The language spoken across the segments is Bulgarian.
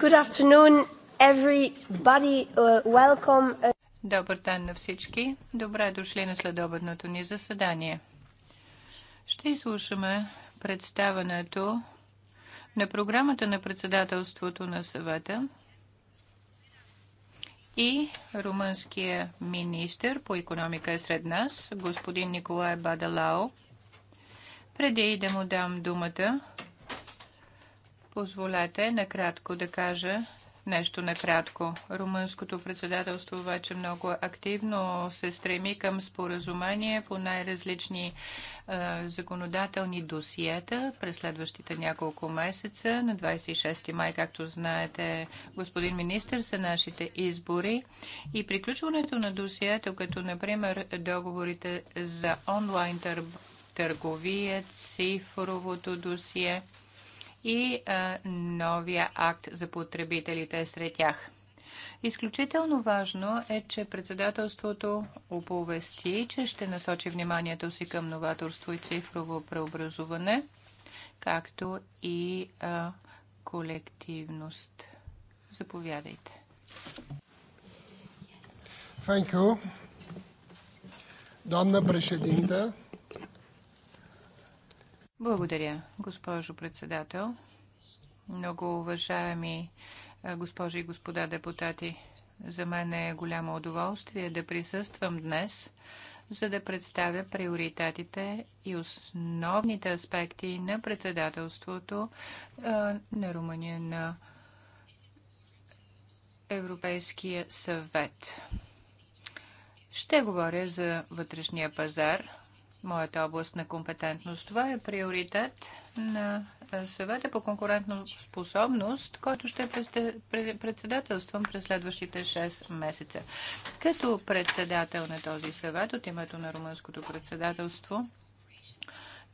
Good afternoon, everybody. Uh, welcome. Uh, Добър ден на всички. Добре дошли на следобедното ни заседание. Ще изслушаме представането на програмата на председателството на съвета и румънския министр по економика е сред нас, господин Николай Бадалао. Преди да му дам думата, Позволете накратко да кажа нещо накратко. Румънското председателство вече много активно се стреми към споразумение по най-различни е, законодателни досиета през следващите няколко месеца. На 26 май, както знаете, господин министр, са нашите избори. И приключването на досиета, като например договорите за онлайн търговия, цифровото досие – и а, новия акт за потребителите сред тях. Изключително важно е, че председателството оповести, че ще насочи вниманието си към новаторство и цифрово преобразуване, както и а, колективност. Заповядайте. Thank you. Doamnă președintă, благодаря, госпожо председател. Много уважаеми госпожи и господа депутати, за мен е голямо удоволствие да присъствам днес, за да представя приоритетите и основните аспекти на председателството на Румъния на Европейския съвет. Ще говоря за вътрешния пазар – моята област на компетентност. Това е приоритет на съвета по конкурентна способност, който ще председателствам през следващите 6 месеца. Като председател на този съвет от името на румънското председателство,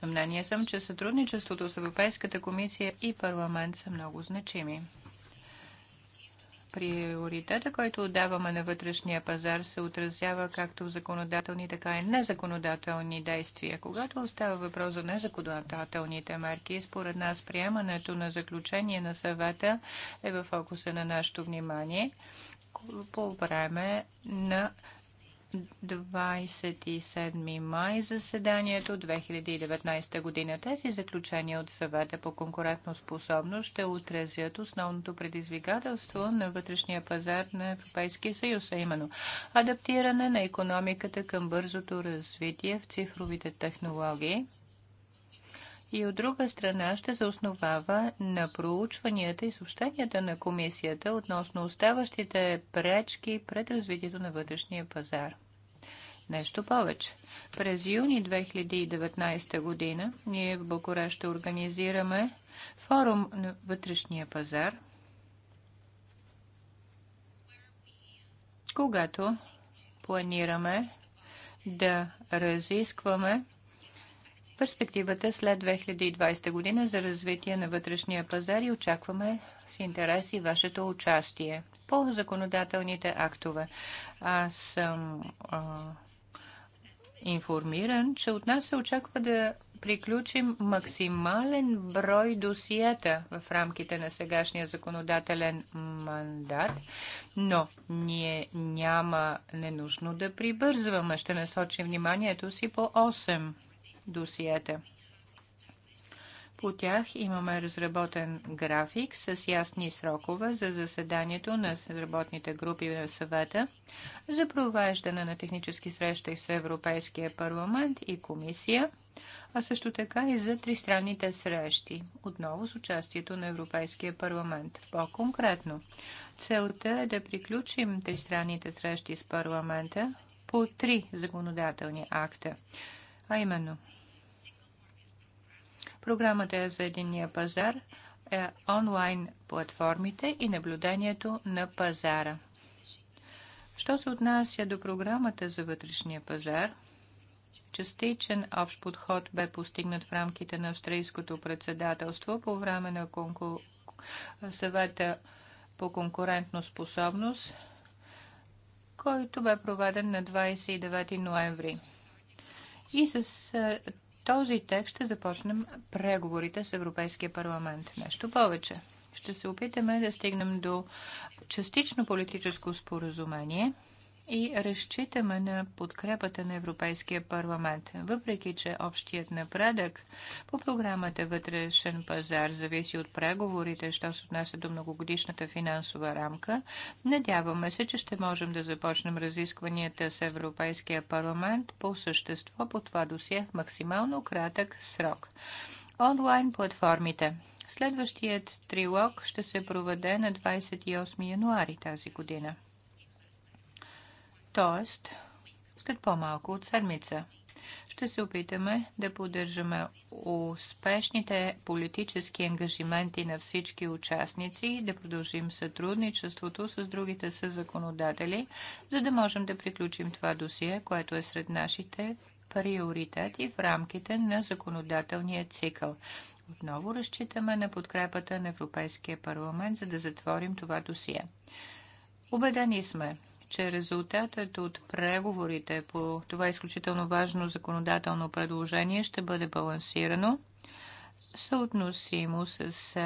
на мнение съм, че сътрудничеството с Европейската комисия и парламент са много значими приоритета, който отдаваме на вътрешния пазар, се отразява както в законодателни, така и незаконодателни действия. Когато остава въпрос за незаконодателните мерки, според нас приемането на заключение на съвета е в фокуса на нашето внимание по време на 27 май заседанието 2019 година. Тези заключения от съвета по конкурентно способност ще отразят основното предизвикателство на вътрешния пазар на Европейския съюз, а именно адаптиране на економиката към бързото развитие в цифровите технологии и от друга страна ще се основава на проучванията и съобщенията на комисията относно оставащите пречки пред развитието на вътрешния пазар. Нещо повече. През юни 2019 година ние в Букура ще организираме форум на вътрешния пазар, когато планираме да разискваме перспективата след 2020 година за развитие на вътрешния пазар и очакваме с интерес и вашето участие по законодателните актове. Аз съм а, информиран, че от нас се очаква да приключим максимален брой досиета в рамките на сегашния законодателен мандат, но ние няма ненужно да прибързваме. Ще насочим вниманието си по 8 досиета. По тях имаме разработен график с ясни срокове за заседанието на работните групи на съвета за провеждане на технически срещи с Европейския парламент и комисия, а също така и за тристранните срещи, отново с участието на Европейския парламент. По-конкретно, целта е да приключим тристранните срещи с парламента по три законодателни акта, а именно – Програмата за единния пазар е онлайн платформите и наблюдението на пазара. Що се отнася до програмата за вътрешния пазар, частичен общ подход бе постигнат в рамките на австрийското председателство по време на конку... съвета по конкурентно способност, който бе проведен на 29 ноември. И с е, този текст ще започнем преговорите с Европейския парламент. Нещо повече. Ще се опитаме да стигнем до частично политическо споразумение – и разчитаме на подкрепата на Европейския парламент. Въпреки, че общият напредък по програмата Вътрешен пазар зависи от преговорите, що се отнася до многогодишната финансова рамка, надяваме се, че ще можем да започнем разискванията с Европейския парламент по същество по това досие в максимално кратък срок. Онлайн платформите. Следващият трилог ще се проведе на 28 януари тази година. Т.е. след по-малко от седмица ще се опитаме да поддържаме успешните политически ангажименти на всички участници и да продължим сътрудничеството с другите съзаконодатели, за да можем да приключим това досие, което е сред нашите приоритети в рамките на законодателния цикъл. Отново разчитаме на подкрепата на Европейския парламент, за да затворим това досие. Убедени сме, че резултатът от преговорите по това изключително важно законодателно предложение ще бъде балансирано, съотносимо с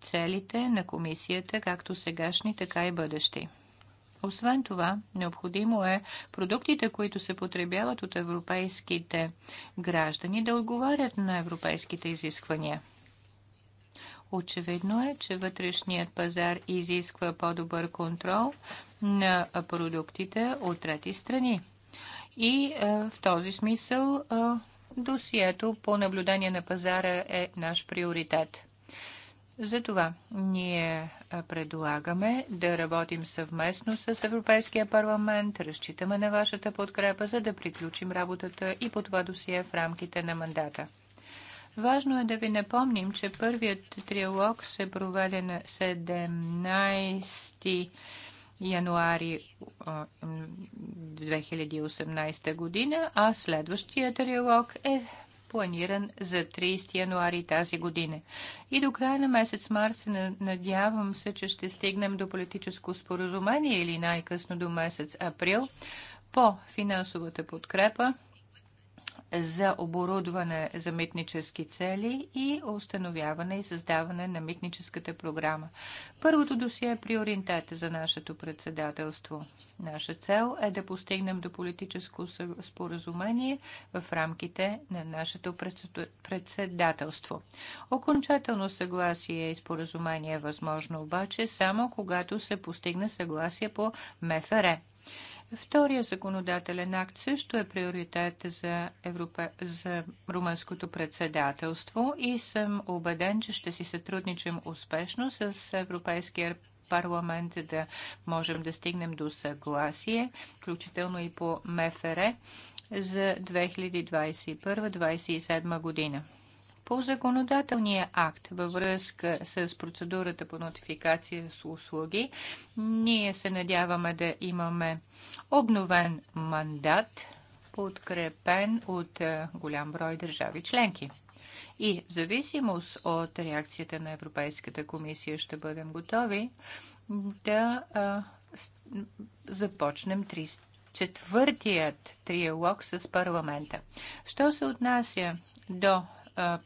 целите на комисията, както сегашни, така и бъдещи. Освен това, необходимо е продуктите, които се потребяват от европейските граждани, да отговарят на европейските изисквания. Очевидно е, че вътрешният пазар изисква по-добър контрол на продуктите от трети страни. И е, в този смисъл е, досието по наблюдение на пазара е наш приоритет. Затова ние е, предлагаме да работим съвместно с Европейския парламент, разчитаме на вашата подкрепа, за да приключим работата и по това досие в рамките на мандата. Важно е да ви напомним, че първият триалог се проведе на 17 януари 2018 година, а следващия триалог е планиран за 30 януари тази година. И до края на месец март се надявам се, че ще стигнем до политическо споразумение или най-късно до месец април по финансовата подкрепа за оборудване за митнически цели и установяване и създаване на митническата програма. Първото досие е приоритет за нашето председателство. Наша цел е да постигнем до политическо споразумение в рамките на нашето председателство. Окончателно съгласие и споразумение е възможно обаче само когато се постигне съгласие по МФР. Втория законодателен акт също е приоритет за, Европе... за румънското председателство и съм убеден, че ще си сътрудничим успешно с Европейския парламент, за да можем да стигнем до съгласие, включително и по МФР за 2021-2027 година. По законодателния акт във връзка с процедурата по нотификация с услуги, ние се надяваме да имаме обновен мандат, подкрепен от е, голям брой държави членки. И в зависимост от реакцията на Европейската комисия ще бъдем готови да а, е, с, започнем три, четвъртият триалог с парламента. Що се отнася до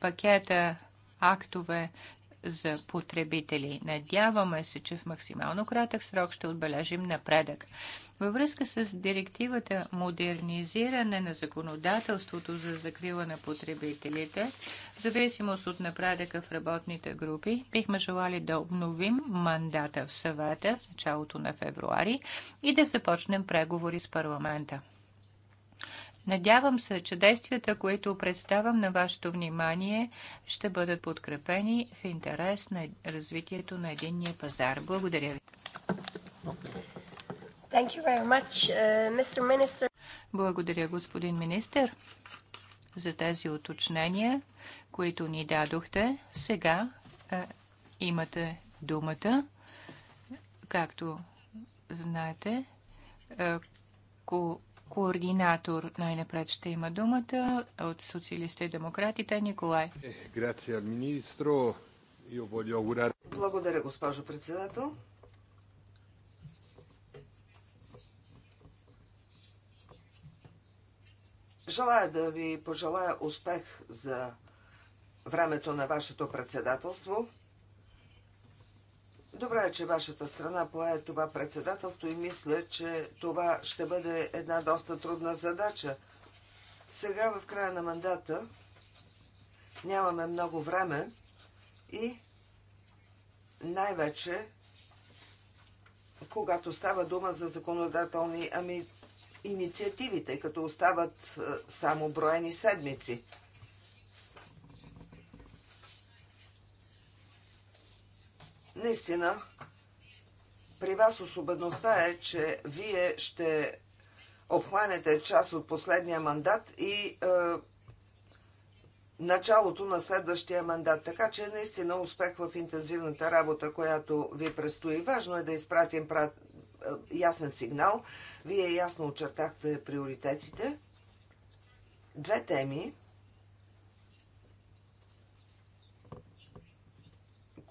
пакета актове за потребители. Надяваме се, че в максимално кратък срок ще отбележим напредък. Във връзка с директивата Модернизиране на законодателството за закрила на потребителите, в зависимост от напредъка в работните групи, бихме желали да обновим мандата в съвета в началото на февруари и да започнем преговори с парламента. Надявам се, че действията, които представям на вашето внимание, ще бъдат подкрепени в интерес на развитието на единния пазар. Благодаря ви. Thank you very much, uh, Mr. Minister. Благодаря, господин министр, за тези уточнения, които ни дадохте. Сега е, имате думата. Както знаете, е, координатор най-напред ще има думата от социалистите и демократите Николай. Е, Благодаря, госпожо председател. Желая да ви пожелая успех за времето на вашето председателство. Добре е, че вашата страна пое това председателство и мисля, че това ще бъде една доста трудна задача. Сега в края на мандата нямаме много време и най-вече когато става дума за законодателни ами, инициативи, тъй като остават е, само броени седмици. Наистина, при вас особеността е, че вие ще обхванете част от последния мандат и е, началото на следващия мандат. Така че наистина успех в интензивната работа, която ви предстои. Важно е да изпратим прат... Е, ясен сигнал. Вие ясно очертахте приоритетите. Две теми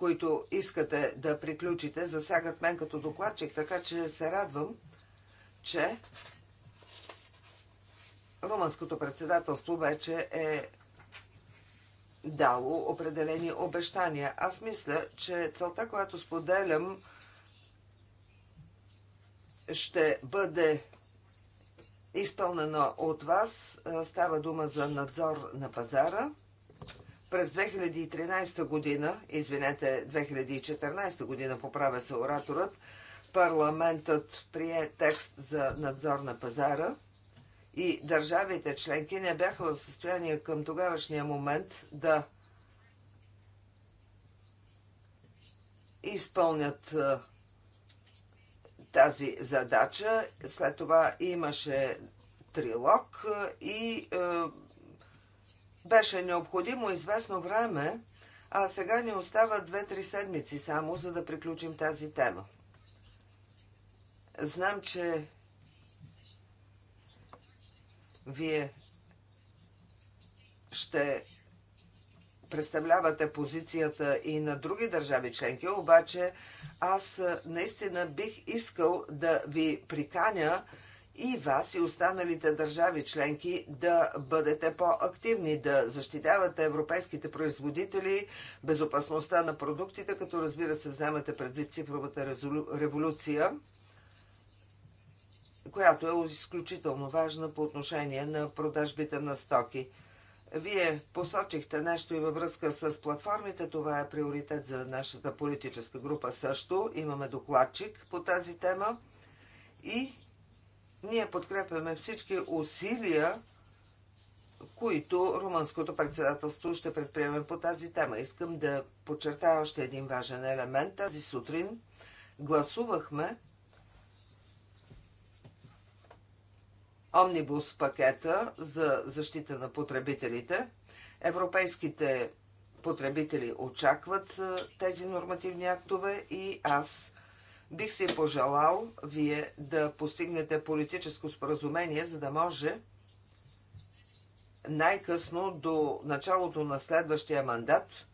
които искате да приключите, засягат мен като докладчик, така че се радвам, че румънското председателство вече е дало определени обещания. Аз мисля, че целта, която споделям, ще бъде изпълнена от вас. Става дума за надзор на пазара – през 2013 година, извинете, 2014 година поправя се ораторът, парламентът прие текст за надзор на пазара и държавите членки не бяха в състояние към тогавашния момент да изпълнят тази задача. След това имаше трилог и беше необходимо известно време, а сега ни остават две-три седмици само, за да приключим тази тема. Знам, че вие ще представлявате позицията и на други държави членки, обаче аз наистина бих искал да ви приканя и вас и останалите държави членки да бъдете по-активни, да защитавате европейските производители, безопасността на продуктите, като разбира се вземате предвид цифровата революция, която е изключително важна по отношение на продажбите на стоки. Вие посочихте нещо и във връзка с платформите. Това е приоритет за нашата политическа група също. Имаме докладчик по тази тема. И ние подкрепяме всички усилия, които румънското председателство ще предприеме по тази тема. Искам да подчертая още един важен елемент. Тази сутрин гласувахме омнибус пакета за защита на потребителите. Европейските потребители очакват е, тези нормативни актове и аз Бих си пожелал вие да постигнете политическо споразумение, за да може най-късно до началото на следващия мандат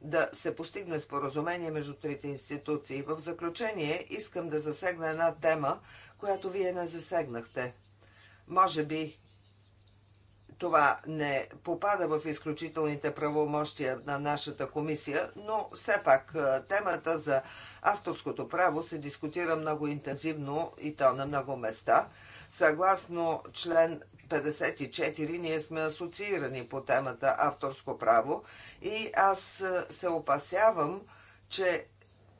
да се постигне споразумение между трите институции. В заключение искам да засегна една тема, която вие не засегнахте. Може би това не попада в изключителните правомощия на нашата комисия, но все пак е, темата за авторското право се дискутира много интензивно и то на много места. Съгласно член 54 ние сме асоциирани по темата авторско право и аз е, се опасявам, че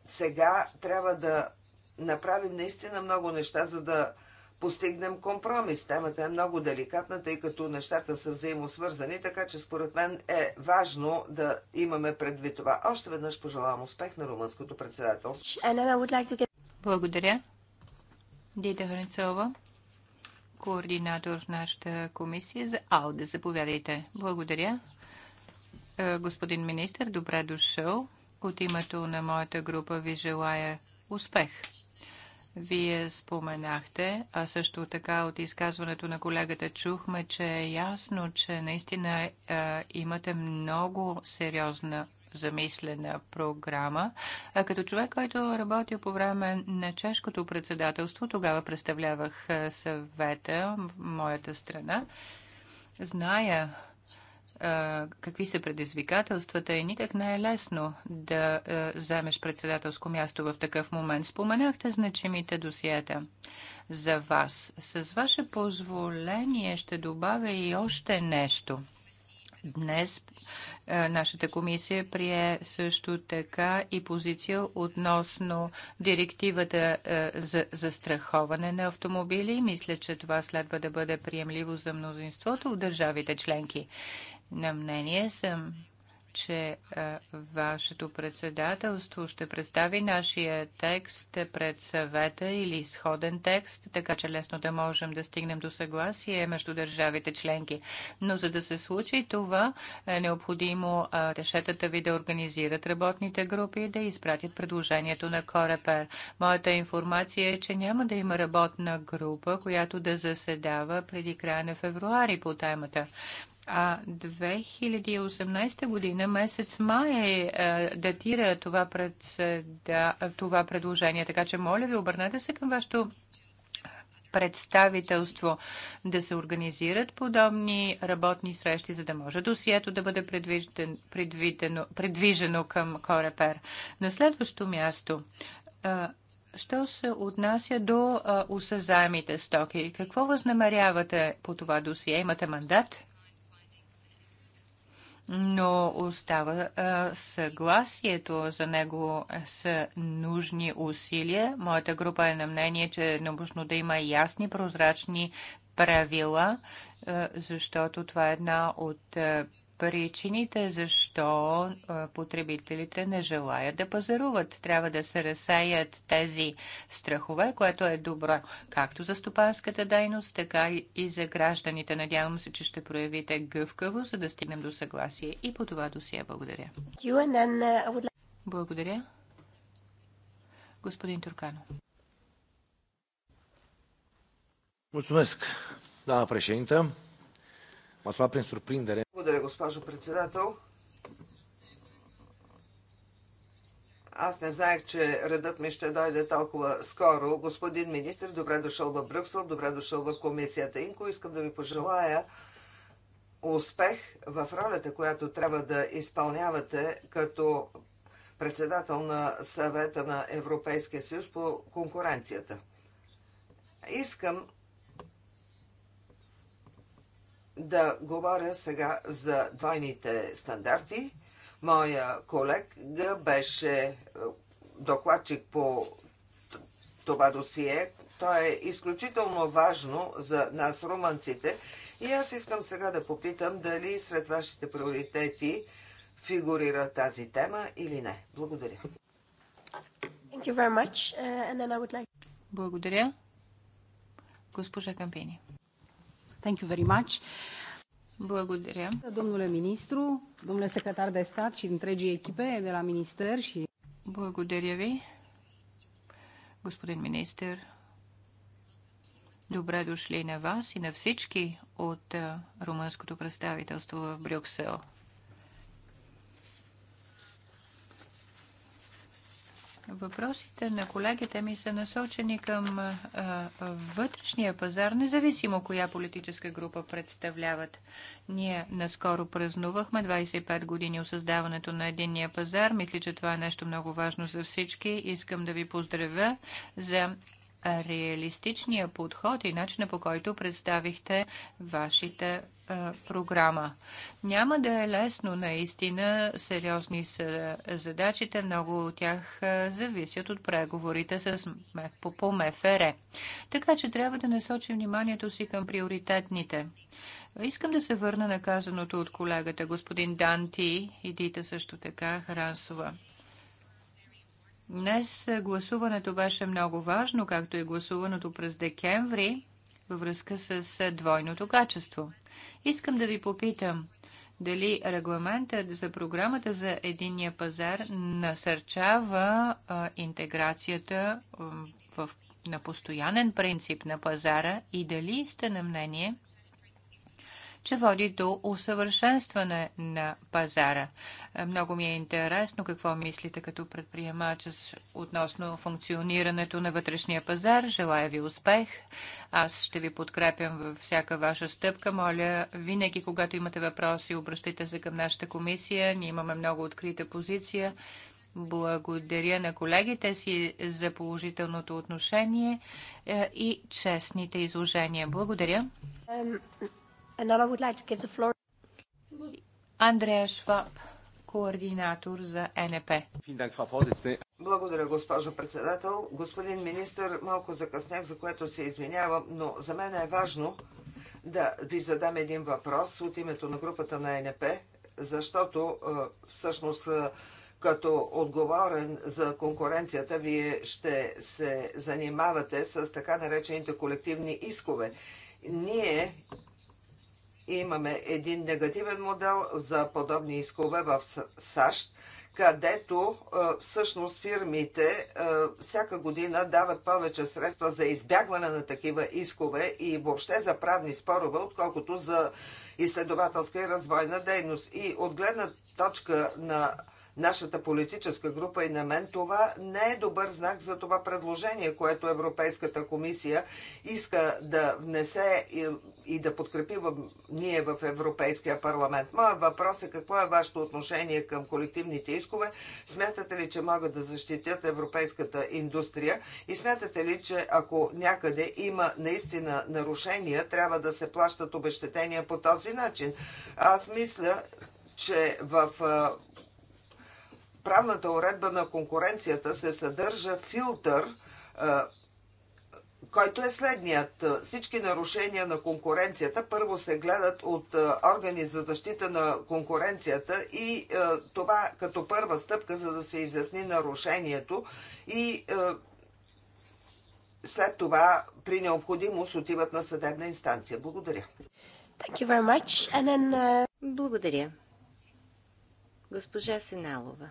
сега трябва да направим наистина много неща, за да постигнем компромис. Темата е много деликатна, тъй като нещата са взаимосвързани, така че според мен е важно да имаме предвид това. Още веднъж пожелавам успех на румънското председателство. Благодаря. Дита Хранцова, координатор в нашата комисия за АУДЕ. Заповядайте. Благодаря. Е, господин министр, добре дошъл. От името на моята група ви желая успех. Вие споменахте, а също така от изказването на колегата чухме, че е ясно, че наистина е, имате много сериозна замислена програма. А като човек, който работил по време на чешкото председателство, тогава представлявах съвета, моята страна, зная какви са предизвикателствата и никак не е лесно да вземеш председателско място в такъв момент. Споменахте значимите досиета за вас. С ваше позволение ще добавя и още нещо. Днес нашата комисия прие също така и позиция относно директивата за застраховане на автомобили. Мисля, че това следва да бъде приемливо за мнозинството от държавите членки на мнение съм, че вашето председателство ще представи нашия текст пред съвета или изходен текст, така че лесно да можем да стигнем до съгласие между държавите членки. Но за да се случи това, е необходимо тешетата ви да организират работните групи и да изпратят предложението на Корепер. Моята информация е, че няма да има работна група, която да заседава преди края на февруари по темата. А 2018 година, месец май, е, е, датира това, пред, да, това предложение. Така че, моля ви, обърнете се към вашето представителство да се организират подобни работни срещи, за да може досието да бъде предвидено, предвижено към Корепер. На следващо място, що се отнася до осъзаемите стоки? Какво възнамерявате по това досие? Имате мандат? но остава а, съгласието за него с нужни усилия. Моята група е на мнение, че е необходимо да има ясни, прозрачни правила, а, защото това е една от причините защо потребителите не желаят да пазаруват. Трябва да се разсеят тези страхове, което е добро както за стопанската дейност, така и за гражданите. Надявам се, че ще проявите гъвкаво, за да стигнем до съгласие и по това досие. Благодаря. Благодаря. Господин Туркано. Mulțumesc, doamna președintă. Ма това прин surprindere. Благодаря, госпожо председател. Аз не знаех, че редът ми ще дойде толкова скоро. Господин министр, добре дошъл в Брюксел, добре дошъл в комисията Инко. Искам да ви пожелая успех в ролята, която трябва да изпълнявате като председател на съвета на Европейския съюз по конкуренцията. Искам да говоря сега за двойните стандарти. Моя колега беше е, докладчик по това досие. То е изключително важно за нас, румънците. И аз искам сега да попитам дали сред вашите приоритети фигурира тази тема или не. Благодаря. Uh, like... Благодаря. Госпожа Кампини. Thank you very much. Благодаря. Domnule министру, domnule secretar de stat și întregii echipe de la minister și... Благодаря ви, господин министр. Добре дошли на вас и на всички от румънското представителство в Брюксел. Въпросите на колегите ми са насочени към а, вътрешния пазар, независимо коя политическа група представляват. Ние наскоро празнувахме 25 години от създаването на единния пазар. Мисля, че това е нещо много важно за всички. Искам да ви поздравя за реалистичния подход и начина по който представихте вашите програма. Няма да е лесно, наистина сериозни са задачите, много от тях зависят от преговорите с МФР. Така че трябва да насочим вниманието си към приоритетните. Искам да се върна на казаното от колегата господин Данти и Дита също така Харансова. Днес гласуването беше много важно, както и е гласуваното през декември във връзка с двойното качество. Искам да ви попитам, дали регламентът за програмата за единния пазар насърчава интеграцията в, на постоянен принцип на пазара и дали сте на мнение, че води до усъвършенстване на пазара. Е, много ми е интересно какво мислите като предприемач относно функционирането на вътрешния пазар. Желая ви успех. Аз ще ви подкрепям във всяка ваша стъпка. Моля, винаги, когато имате въпроси, обръщайте се към нашата комисия. Ние имаме много открита позиция. Благодаря на колегите си за положителното отношение е, и честните изложения. Благодаря. And now I would like to give the floor... Андрея Шваб, координатор за НП. Благодаря, госпожо председател. Господин министр, малко закъснях, за което се извинявам, но за мен е важно да ви задам един въпрос от името на групата на НП, защото е, всъщност е, като отговорен за конкуренцията, вие ще се занимавате с така наречените колективни искове. Ние имаме един негативен модел за подобни искове в САЩ, където всъщност фирмите всяка година дават повече средства за избягване на такива искове и въобще за правни спорове, отколкото за изследователска и развойна дейност. И от гледна точка на нашата политическа група и на мен, това не е добър знак за това предложение, което Европейската комисия иска да внесе и, и да подкрепи в, ние в Европейския парламент. Моя въпрос е какво е вашето отношение към колективните искове? Смятате ли, че могат да защитят европейската индустрия? И смятате ли, че ако някъде има наистина нарушения, трябва да се плащат обещетения по този начин? Аз мисля, че в правната уредба на конкуренцията се съдържа филтър, е, който е следният. Всички нарушения на конкуренцията първо се гледат от е, органи за защита на конкуренцията и е, това като първа стъпка, за да се изясни нарушението и след това при необходимост отиват на съдебна инстанция. Благодаря. Thank you very much. And then, uh... Благодаря. Госпожа Сеналова.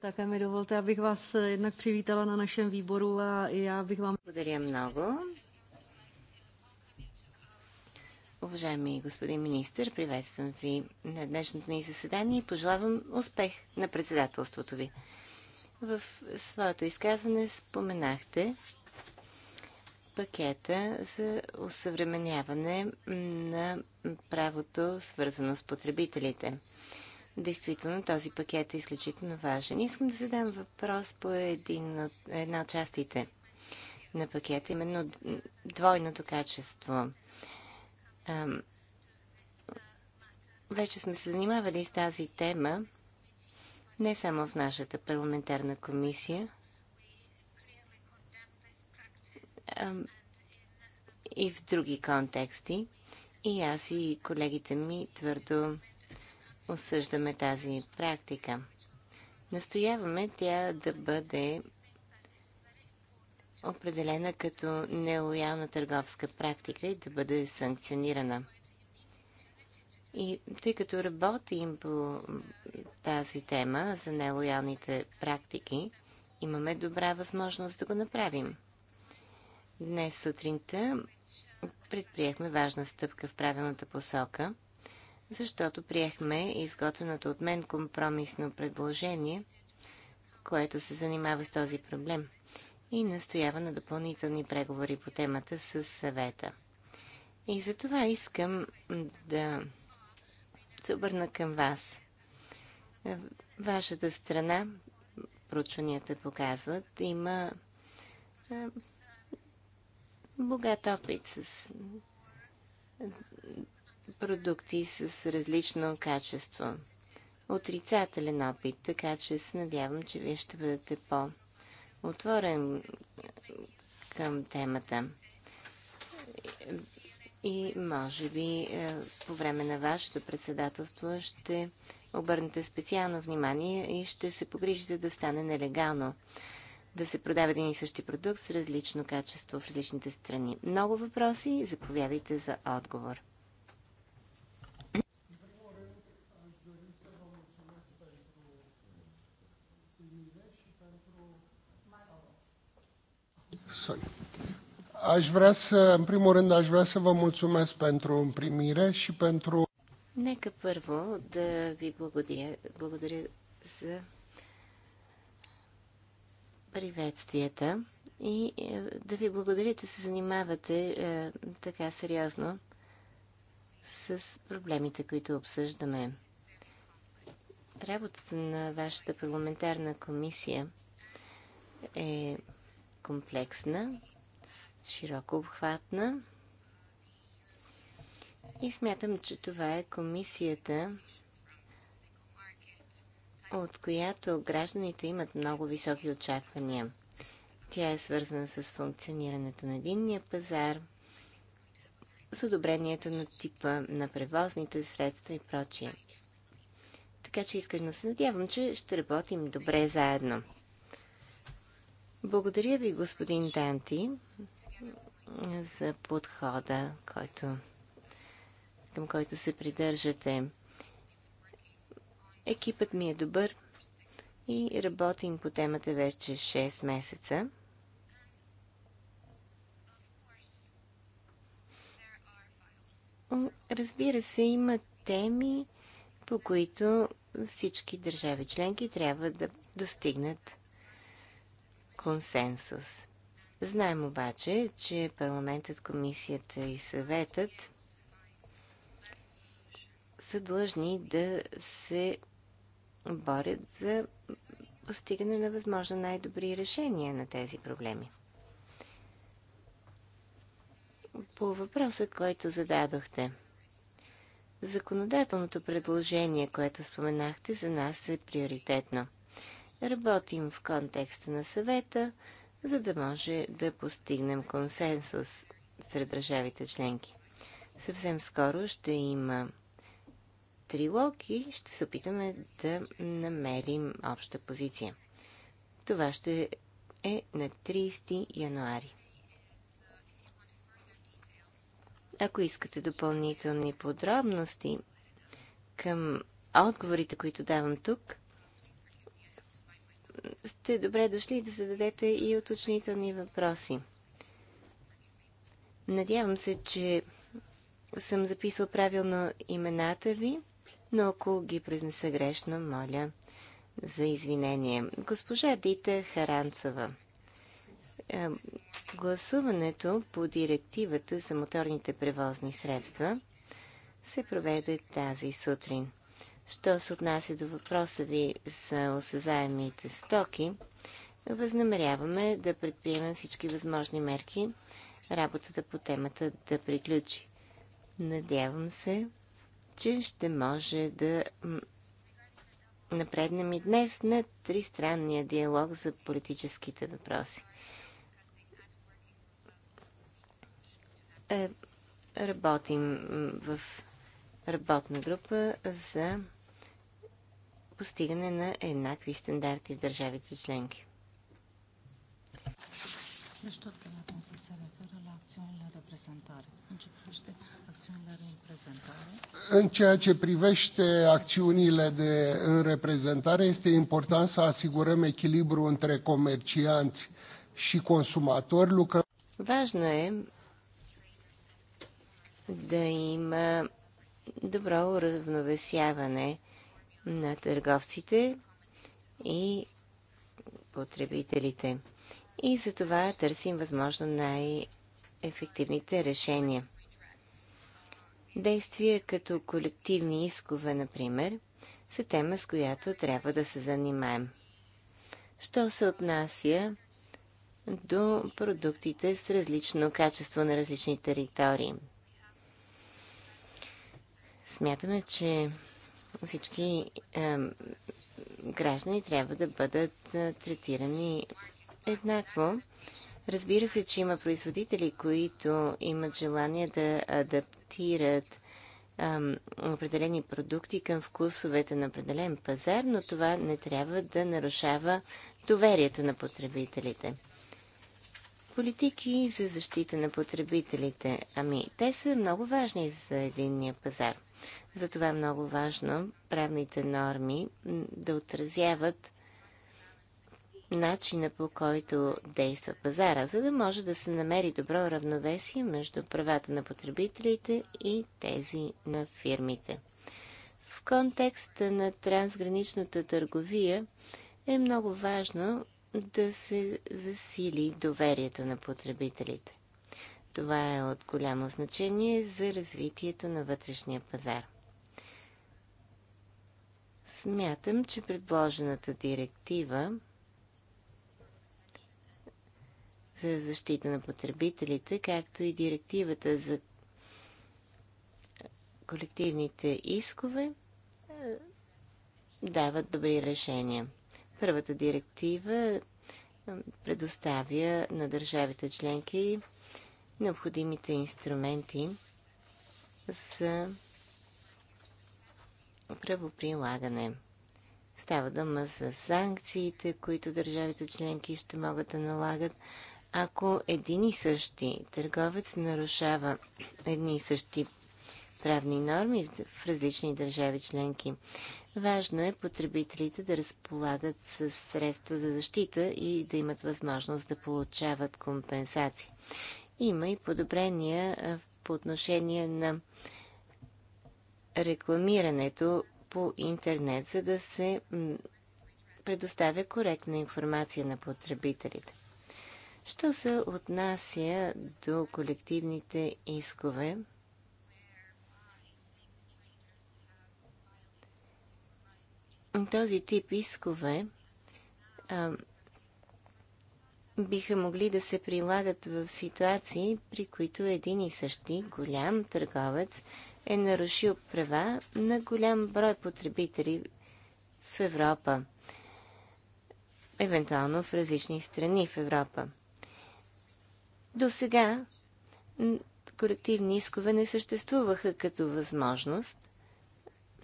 Така ми доволте, абих вас еднак привитала на нашем výboru а и я бих вам... Благодаря много. Уважаеми господин министр, приветствам ви на днешното ни заседание и пожелавам успех на председателството ви. В своето изказване споменахте пакета за усъвременяване на правото, свързано с потребителите. Действително, този пакет е изключително важен. Искам да задам въпрос по един от, една от частите на пакета, именно двойното качество. Ам, вече сме се занимавали с тази тема, не само в нашата парламентарна комисия. Ам, и в други контексти. И аз и колегите ми твърдо осъждаме тази практика. Настояваме тя да бъде определена като нелоялна търговска практика и да бъде санкционирана. И тъй като работим по тази тема за нелоялните практики, имаме добра възможност да го направим. Днес сутринта предприехме важна стъпка в правилната посока – защото приехме изготвеното от мен компромисно предложение, което се занимава с този проблем и настоява на допълнителни преговори по темата с съвета. И за това искам да се обърна към вас. вашата страна, проучванията показват, има богат опит с продукти с различно качество. Отрицателен опит, така че се надявам, че вие ще бъдете по-отворен към темата. И може би е, по време на вашето председателство ще обърнете специално внимание и ще се погрижите да стане нелегално да се продава един и същи продукт с различно качество в различните страни. Много въпроси, заповядайте за отговор. Sorry. Aș vrea să, în primul rând, aș vrea să vă mulțumesc pentru primire și pentru... Нека първо да ви благодаря, благодаря за приветствията и е, да ви благодаря, че се занимавате е, така сериозно с проблемите, които обсъждаме. Работата на вашата парламентарна комисия е комплексна, широко обхватна. И смятам, че това е комисията, от която гражданите имат много високи очаквания. Тя е свързана с функционирането на единния пазар, с одобрението на типа на превозните средства и прочие. Така че искрено се надявам, че ще работим добре заедно. Благодаря ви, господин Данти, за подхода, който, към който се придържате. Екипът ми е добър и работим по темата вече 6 месеца. Разбира се, има теми, по които всички държави членки трябва да достигнат консенсус. Знаем обаче, че парламентът, комисията и съветът са длъжни да се борят за постигане на възможно най-добри решения на тези проблеми. По въпроса, който зададохте, законодателното предложение, което споменахте, за нас е приоритетно – Работим в контекста на съвета, за да може да постигнем консенсус сред държавите членки. Съвсем скоро ще има трилог и ще се опитаме да намерим обща позиция. Това ще е на 30 януари. Ако искате допълнителни подробности към отговорите, които давам тук, сте добре дошли да зададете и уточнителни въпроси. Надявам се, че съм записал правилно имената ви, но ако ги произнеса грешно, моля за извинение. Госпожа Дита Харанцева. Е, гласуването по директивата за моторните превозни средства се проведе тази сутрин. Що се отнася до въпроса ви за осъзаемите стоки, възнамеряваме да предприемем всички възможни мерки работата по темата да приключи. Надявам се, че ще може да напреднем и днес на тристранния диалог за политическите въпроси. Е, работим в работна група за постигане на еднакви стандарти в държавите членки. În ceea ce privește acțiunile de reprezentare, este important să asigurăm echilibru între comercianți și consumatori. Lucrăm... Важно е да има добро уравновесяване на търговците и потребителите. И за това търсим възможно най-ефективните решения. Действия като колективни искове, например, са тема, с която трябва да се занимаем. Що се отнася до продуктите с различно качество на различни територии? Смятаме, че всички е, граждани трябва да бъдат е, третирани еднакво. Разбира се, че има производители, които имат желание да адаптират е, определени продукти към вкусовете на определен пазар, но това не трябва да нарушава доверието на потребителите политики за защита на потребителите. Ами, те са много важни за единния пазар. Затова е много важно правните норми да отразяват начина по който действа пазара, за да може да се намери добро равновесие между правата на потребителите и тези на фирмите. В контекста на трансграничната търговия е много важно да се засили доверието на потребителите. Това е от голямо значение за развитието на вътрешния пазар. Смятам, че предложената директива за защита на потребителите, както и директивата за колективните искове, е, дават добри решения. Първата директива предоставя на държавите членки необходимите инструменти за правоприлагане. Става дума за санкциите, които държавите членки ще могат да налагат, ако един и същи търговец нарушава едни и същи правни норми в различни държави членки. Важно е потребителите да разполагат с средства за защита и да имат възможност да получават компенсации. Има и подобрения по отношение на рекламирането по интернет, за да се предоставя коректна информация на потребителите. Що се отнася до колективните искове, този тип искове а, биха могли да се прилагат в ситуации, при които един и същи голям търговец е нарушил права на голям брой потребители в Европа, евентуално в различни страни в Европа. До сега колективни искове не съществуваха като възможност –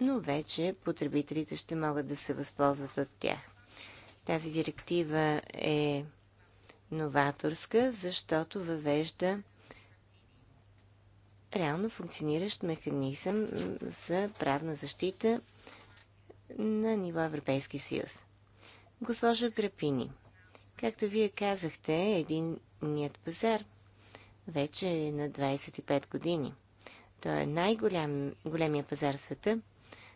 но вече потребителите ще могат да се възползват от тях. Тази директива е новаторска, защото въвежда реално функциониращ механизъм за правна защита на ниво Европейски съюз. Госпожо Грапини, както вие казахте, единният пазар вече е на 25 години. Той е най-големия пазар в света –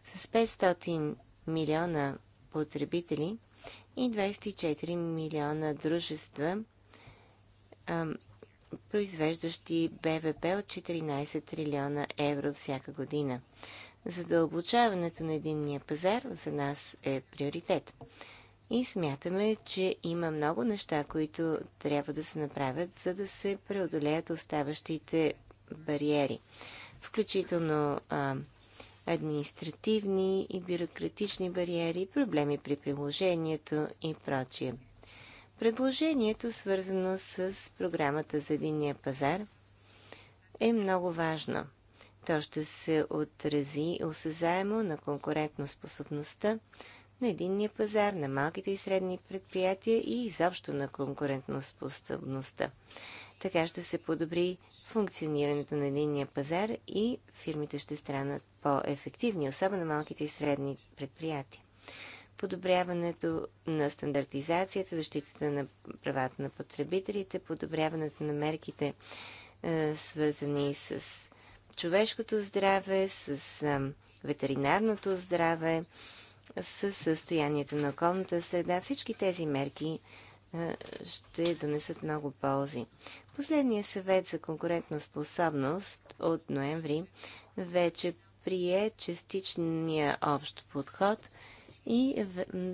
с 500 милиона потребители и 24 милиона дружества, произвеждащи БВП от 14 трилиона евро всяка година. Задълбочаването на единния пазар за нас е приоритет. И смятаме, че има много неща, които трябва да се направят, за да се преодолеят оставащите бариери. Включително а, административни и бюрократични бариери, проблеми при приложението и прочие. Предложението, свързано с програмата за единния пазар, е много важно. То ще се отрази осезаемо на конкурентноспособността на единния пазар, на малките и средни предприятия и изобщо на конкурентноспособността. Така ще се подобри функционирането на единния пазар и фирмите ще станат по-ефективни, особено малките и средни предприятия. Подобряването на стандартизацията, защитата на правата на потребителите, подобряването на мерките, е, свързани с човешкото здраве, с е, ветеринарното здраве, с състоянието на околната среда. Всички тези мерки е, ще донесат много ползи. Последният съвет за конкурентна способност от ноември вече прие частичния общ подход и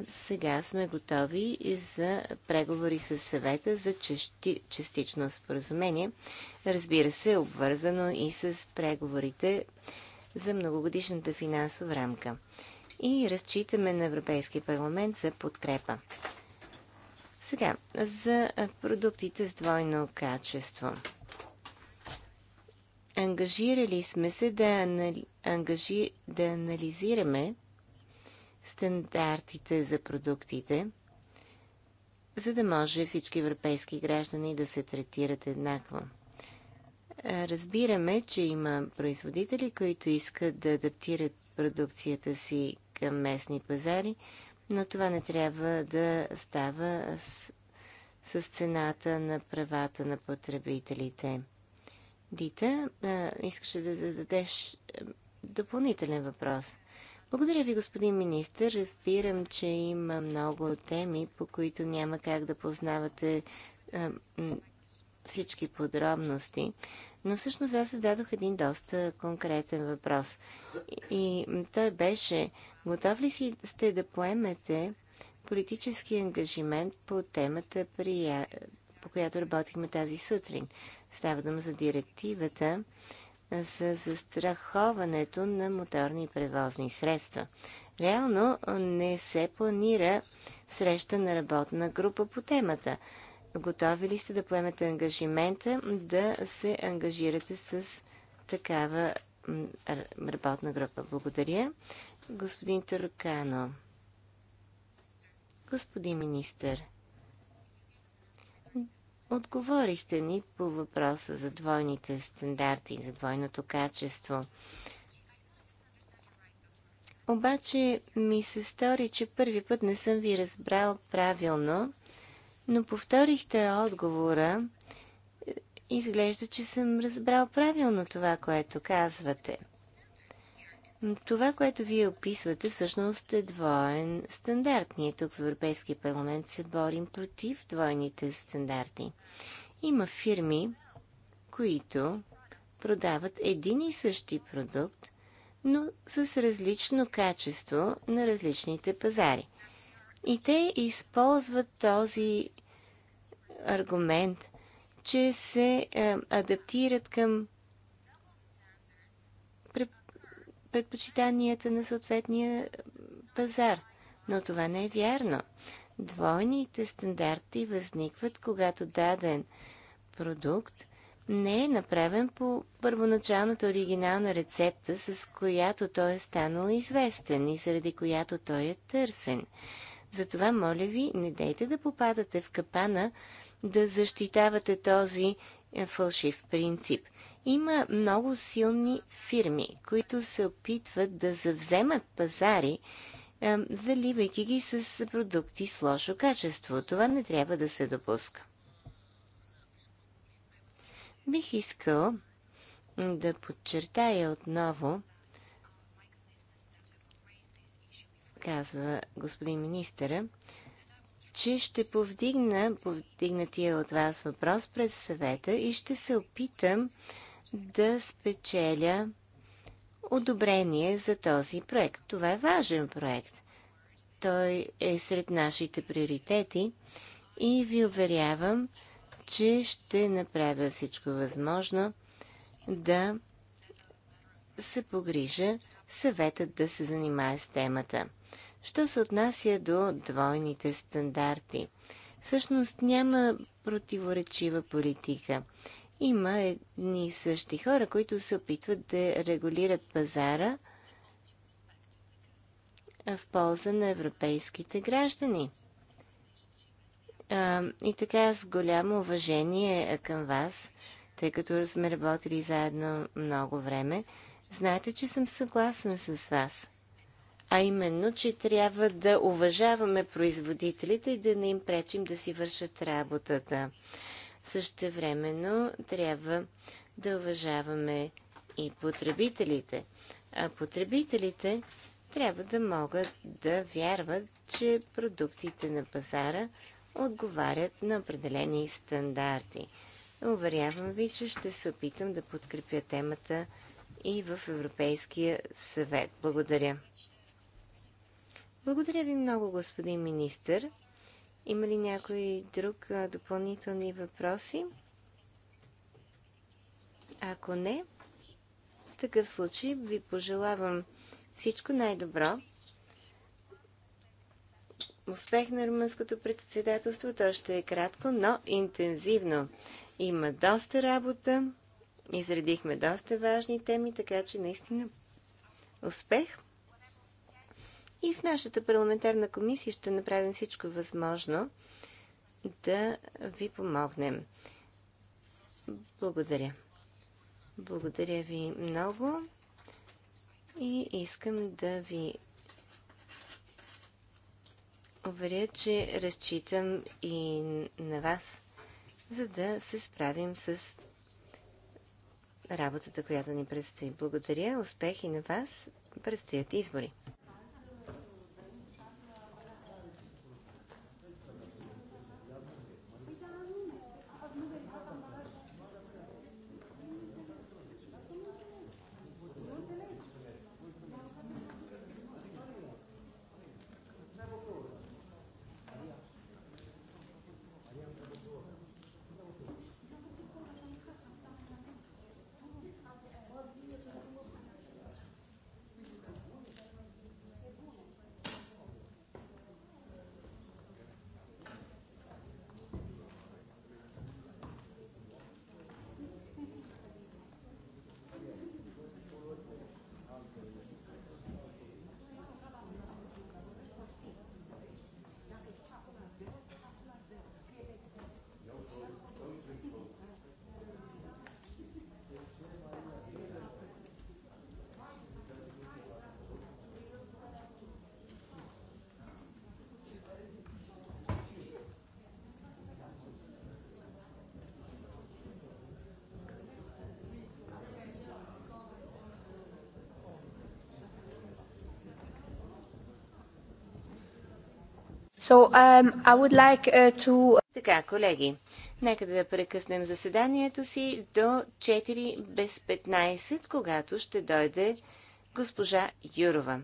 сега сме готови за преговори с съвета за части, частично споразумение. Разбира се, обвързано и с преговорите за многогодишната финансова рамка. И разчитаме на Европейския парламент за подкрепа. Сега, за продуктите с двойно качество – Ангажирали сме се да, анали... ангажи... да анализираме стандартите за продуктите, за да може всички европейски граждани да се третират еднакво. Разбираме, че има производители, които искат да адаптират продукцията си към местни пазари, но това не трябва да става с, с цената на правата на потребителите. Дита, искаше да зададеш допълнителен въпрос. Благодаря ви, господин министр. Разбирам, че има много теми, по които няма как да познавате всички подробности, но всъщност аз зададох един доста конкретен въпрос. И, и той беше, готов ли си сте да поемете политически ангажимент по темата, при, по която работихме тази сутрин? Става дума за директивата за застраховането на моторни превозни средства. Реално не се планира среща на работна група по темата. Готови ли сте да поемете ангажимента да се ангажирате с такава работна група? Благодаря. Господин Торкано. Господин министър. Отговорихте ни по въпроса за двойните стандарти, за двойното качество. Обаче ми се стори, че първи път не съм ви разбрал правилно, но повторихте отговора. Изглежда, че съм разбрал правилно това, което казвате. Това, което вие описвате, всъщност е двоен стандарт. Ние тук в Европейския парламент се борим против двойните стандарти. Има фирми, които продават един и същи продукт, но с различно качество на различните пазари. И те използват този аргумент, че се е, адаптират към предпочитанията на съответния пазар. Но това не е вярно. Двойните стандарти възникват, когато даден продукт не е направен по първоначалната оригинална рецепта, с която той е станал известен и заради която той е търсен. Затова, моля ви, не дейте да попадате в капана да защитавате този е, фалшив принцип. Има много силни фирми, които се опитват да завземат пазари, заливайки ги с продукти с лошо качество. Това не трябва да се допуска. Бих искал да подчертая отново, казва господин министъра, че ще повдигна повдигнатия от вас въпрос пред съвета и ще се опитам да спечеля одобрение за този проект. Това е важен проект. Той е сред нашите приоритети и ви уверявам, че ще направя всичко възможно да се погрижа съветът да се занимае с темата. Що се отнася до двойните стандарти? Всъщност няма противоречива политика. Има едни и същи хора, които се опитват да регулират пазара в полза на европейските граждани. И така с голямо уважение към вас, тъй като сме работили заедно много време, знаете, че съм съгласна с вас. А именно, че трябва да уважаваме производителите и да не им пречим да си вършат работата. Същевременно трябва да уважаваме и потребителите. А потребителите трябва да могат да вярват, че продуктите на пазара отговарят на определени стандарти. Уверявам ви, че ще се опитам да подкрепя темата и в Европейския съвет. Благодаря. Благодаря ви много, господин министър. Има ли някой друг допълнителни въпроси? Ако не, в такъв случай ви пожелавам всичко най-добро. Успех на румънското председателство. То ще е кратко, но интензивно. Има доста работа. Изредихме доста важни теми, така че наистина успех! И в нашата парламентарна комисия ще направим всичко възможно да ви помогнем. Благодаря. Благодаря ви много и искам да ви уверя, че разчитам и на вас, за да се справим с работата, която ни предстои. Благодаря, успех и на вас. Предстоят избори. Um, uh, така, колеги, нека да прекъснем заседанието си до 4 без 15, когато ще дойде госпожа Юрова.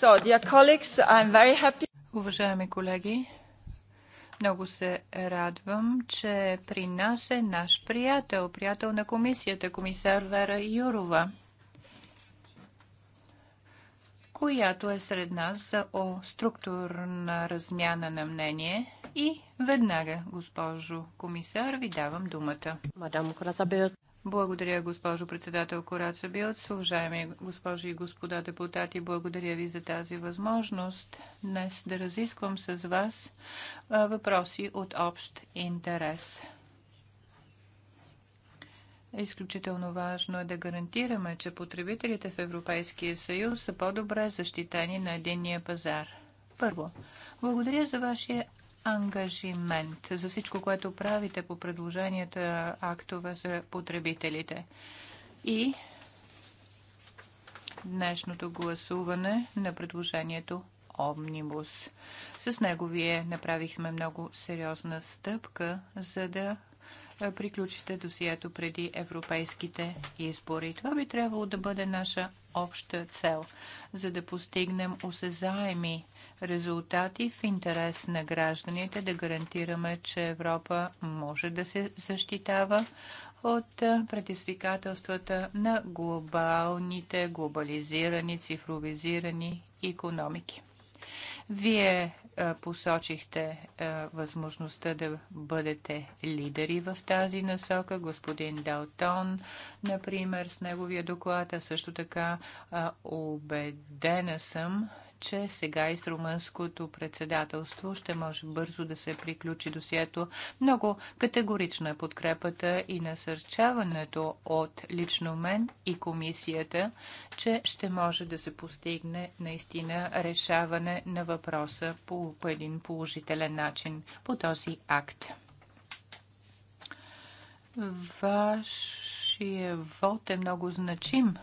So, dear colleagues, I'm very happy. Уважаеми колеги, много се радвам, че при нас е наш приятел, приятел на комисията, комисар Вера Юрова, която е сред нас за о структурна размяна на мнение. И веднага, госпожо комисар, ви давам думата. Мадам Корацабилт. Благодаря, госпожо председател Кораца Билц. Уважаеми госпожи и господа депутати, благодаря ви за тази възможност днес да разисквам с вас въпроси от общ интерес. Изключително важно е да гарантираме, че потребителите в Европейския съюз са по-добре защитени на единния пазар. Първо, благодаря за вашия ангажимент за всичко, което правите по предложенията актове за потребителите. И днешното гласуване на предложението Омнибус. С него вие направихме много сериозна стъпка, за да приключите досието преди европейските избори. Това би трябвало да бъде наша обща цел, за да постигнем осезаеми резултати в интерес на гражданите, да гарантираме, че Европа може да се защитава от предизвикателствата на глобалните, глобализирани, цифровизирани економики. Вие посочихте възможността да бъдете лидери в тази насока. Господин Далтон, например, с неговия доклад, а също така убедена съм, че сега и с румънското председателство ще може бързо да се приключи досието. Много категорична е подкрепата и насърчаването от лично мен и комисията, че ще може да се постигне наистина решаване на въпроса по един положителен начин по този акт. Вашия вод е много значим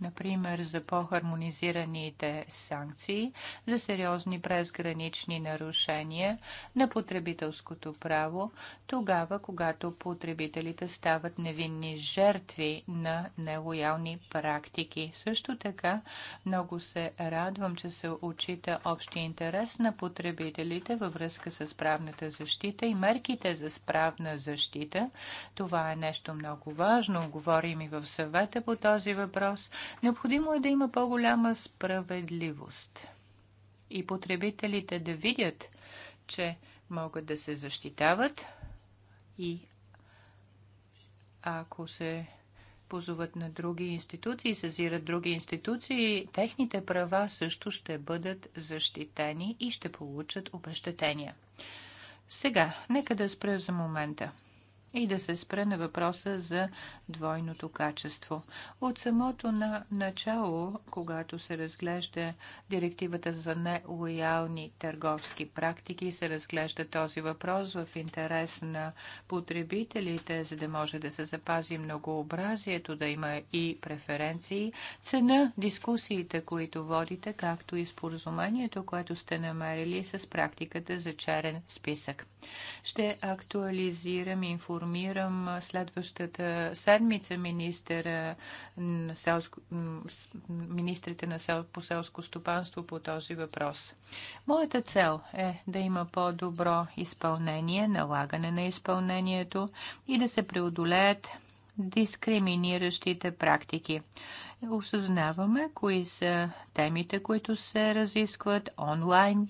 например за по-хармонизираните санкции за сериозни презгранични нарушения на потребителското право, тогава, когато потребителите стават невинни жертви на нелоялни практики. Също така, много се радвам, че се очита общия интерес на потребителите във връзка с правната защита и мерките за справна защита. Това е нещо много важно. Говорим и в съвета по този въпрос – Необходимо е да има по-голяма справедливост и потребителите да видят, че могат да се защитават и ако се позоват на други институции, съзират други институции, техните права също ще бъдат защитени и ще получат обещетения. Сега, нека да спра за момента и да се спре на въпроса за двойното качество. От самото на начало, когато се разглежда директивата за нелоялни търговски практики, се разглежда този въпрос в интерес на потребителите, за да може да се запази многообразието, да има и преференции. Цена дискусиите, които водите, както и споразумението, което сте намерили с практиката за черен списък. Ще актуализирам информацията информирам следващата седмица министъра на селско, министрите на сел, по селско стопанство по този въпрос. Моята цел е да има по-добро изпълнение, налагане на изпълнението и да се преодолеят дискриминиращите практики. Осъзнаваме кои са темите, които се разискват онлайн,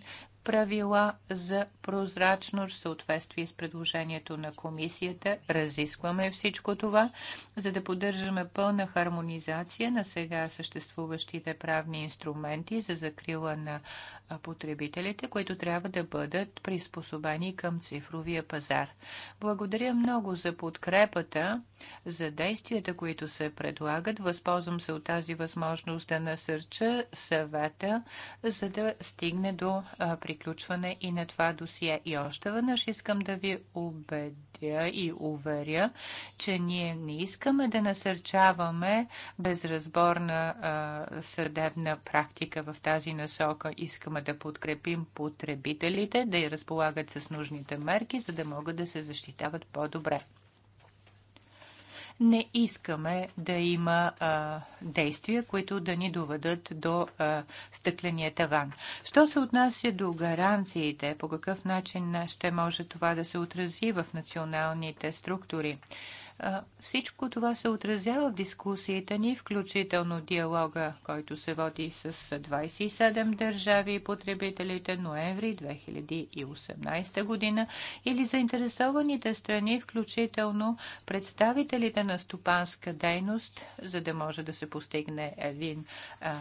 правила за прозрачност в съответствие с предложението на комисията. Разискваме всичко това, за да поддържаме пълна хармонизация на сега съществуващите правни инструменти за закрила на потребителите, които трябва да бъдат приспособени към цифровия пазар. Благодаря много за подкрепата за действията, които се предлагат. Възползвам се от тази възможност да насърча съвета, за да стигне до приключване и на това досие. И още веднъж искам да ви убедя и уверя, че ние не искаме да насърчаваме безразборна съдебна практика в тази насока. Искаме да подкрепим потребителите, да и разполагат с нужните мерки, за да могат да се защитават по-добре. Не искаме да има а, действия, които да ни доведат до а, стъкления таван. Що се отнася до гаранциите, по какъв начин ще може това да се отрази в националните структури? Всичко това се отразява в дискусията ни, включително диалога, който се води с 27 държави и потребителите ноември 2018 година или заинтересованите страни, включително представителите на стопанска дейност, за да може да се постигне един а,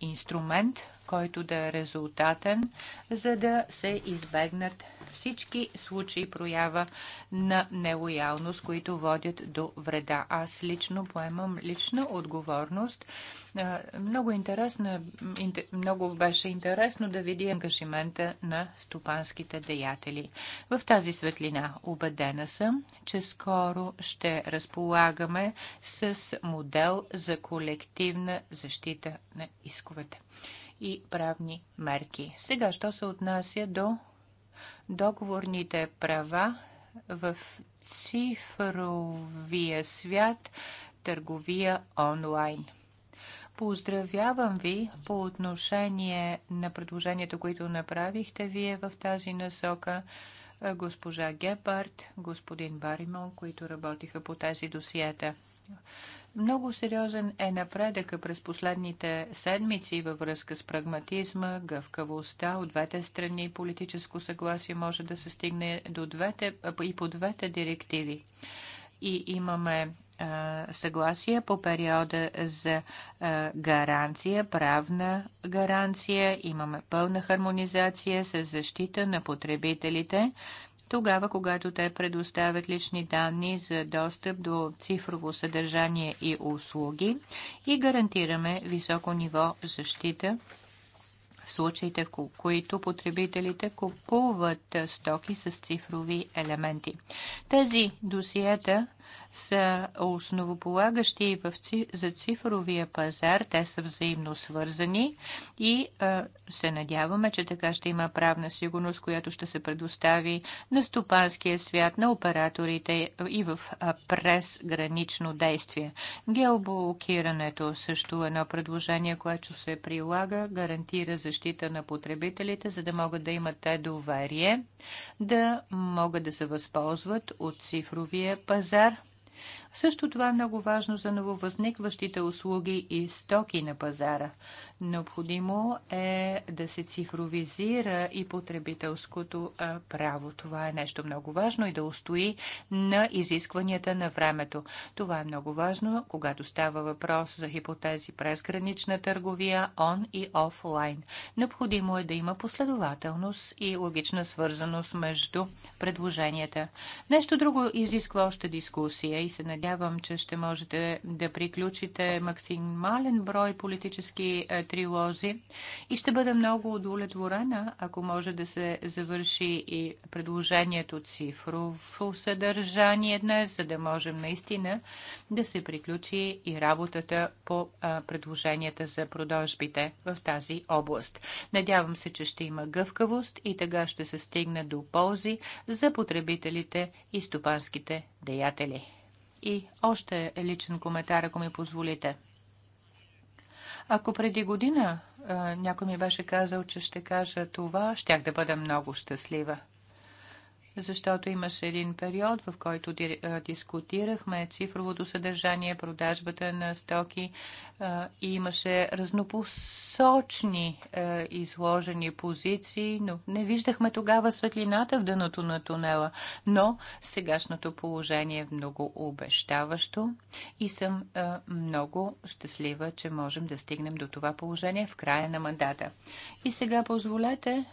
инструмент, който да е резултатен, за да се избегнат всички случаи проява на нелоялност, които водят до вреда. Аз лично поемам лична отговорност. Много, интересно, много беше интересно да види ангажимента на стопанските деятели. В тази светлина убедена съм, че скоро ще разполагаме с модел за колективна защита на исковете и правни мерки. Сега, що се отнася до договорните права в цифровия свят, търговия онлайн. Поздравявам ви по отношение на предложението, които направихте вие в тази насока, госпожа Гепард, господин Баримон, които работиха по тези досиета. Много сериозен е напредъка през последните седмици във връзка с прагматизма, гъвкавостта от двете страни. Политическо съгласие може да се стигне до двете, и по двете директиви. И имаме съгласие по периода за гаранция, правна гаранция. Имаме пълна хармонизация с защита на потребителите тогава, когато те предоставят лични данни за достъп до цифрово съдържание и услуги и гарантираме високо ниво защита в случаите, в които потребителите купуват стоки с цифрови елементи. Тези досиета са основополагащи в, за цифровия пазар. Те са взаимно свързани и а, се надяваме, че така ще има правна сигурност, която ще се предостави на стопанския свят, на операторите и в а, действие. Геоблокирането също е едно предложение, което се прилага, гарантира защита на потребителите, за да могат да имат те доверие, да могат да се възползват от цифровия пазар също това е много важно за нововъзникващите услуги и стоки на пазара. Необходимо е да се цифровизира и потребителското право. Това е нещо много важно и да устои на изискванията на времето. Това е много важно, когато става въпрос за хипотези през гранична търговия он и офлайн. Необходимо е да има последователност и логична свързаност между предложенията. Нещо друго изисква още дискусия и се надявам, че ще можете да приключите максимален брой политически лози и ще бъда много удовлетворена, ако може да се завърши и предложението цифрово съдържание днес, за да можем наистина да се приключи и работата по предложенията за продължбите в тази област. Надявам се, че ще има гъвкавост и така ще се стигне до ползи за потребителите и стопанските деятели. И още личен коментар, ако ми позволите. Ако преди година някой ми беше казал, че ще кажа това, щях да бъда много щастлива защото имаше един период, в който дискутирахме цифровото съдържание, продажбата на стоки и имаше разнопосочни изложени позиции, но не виждахме тогава светлината в дъното на тунела. Но сегашното положение е много обещаващо и съм много щастлива, че можем да стигнем до това положение в края на мандата. И сега позволете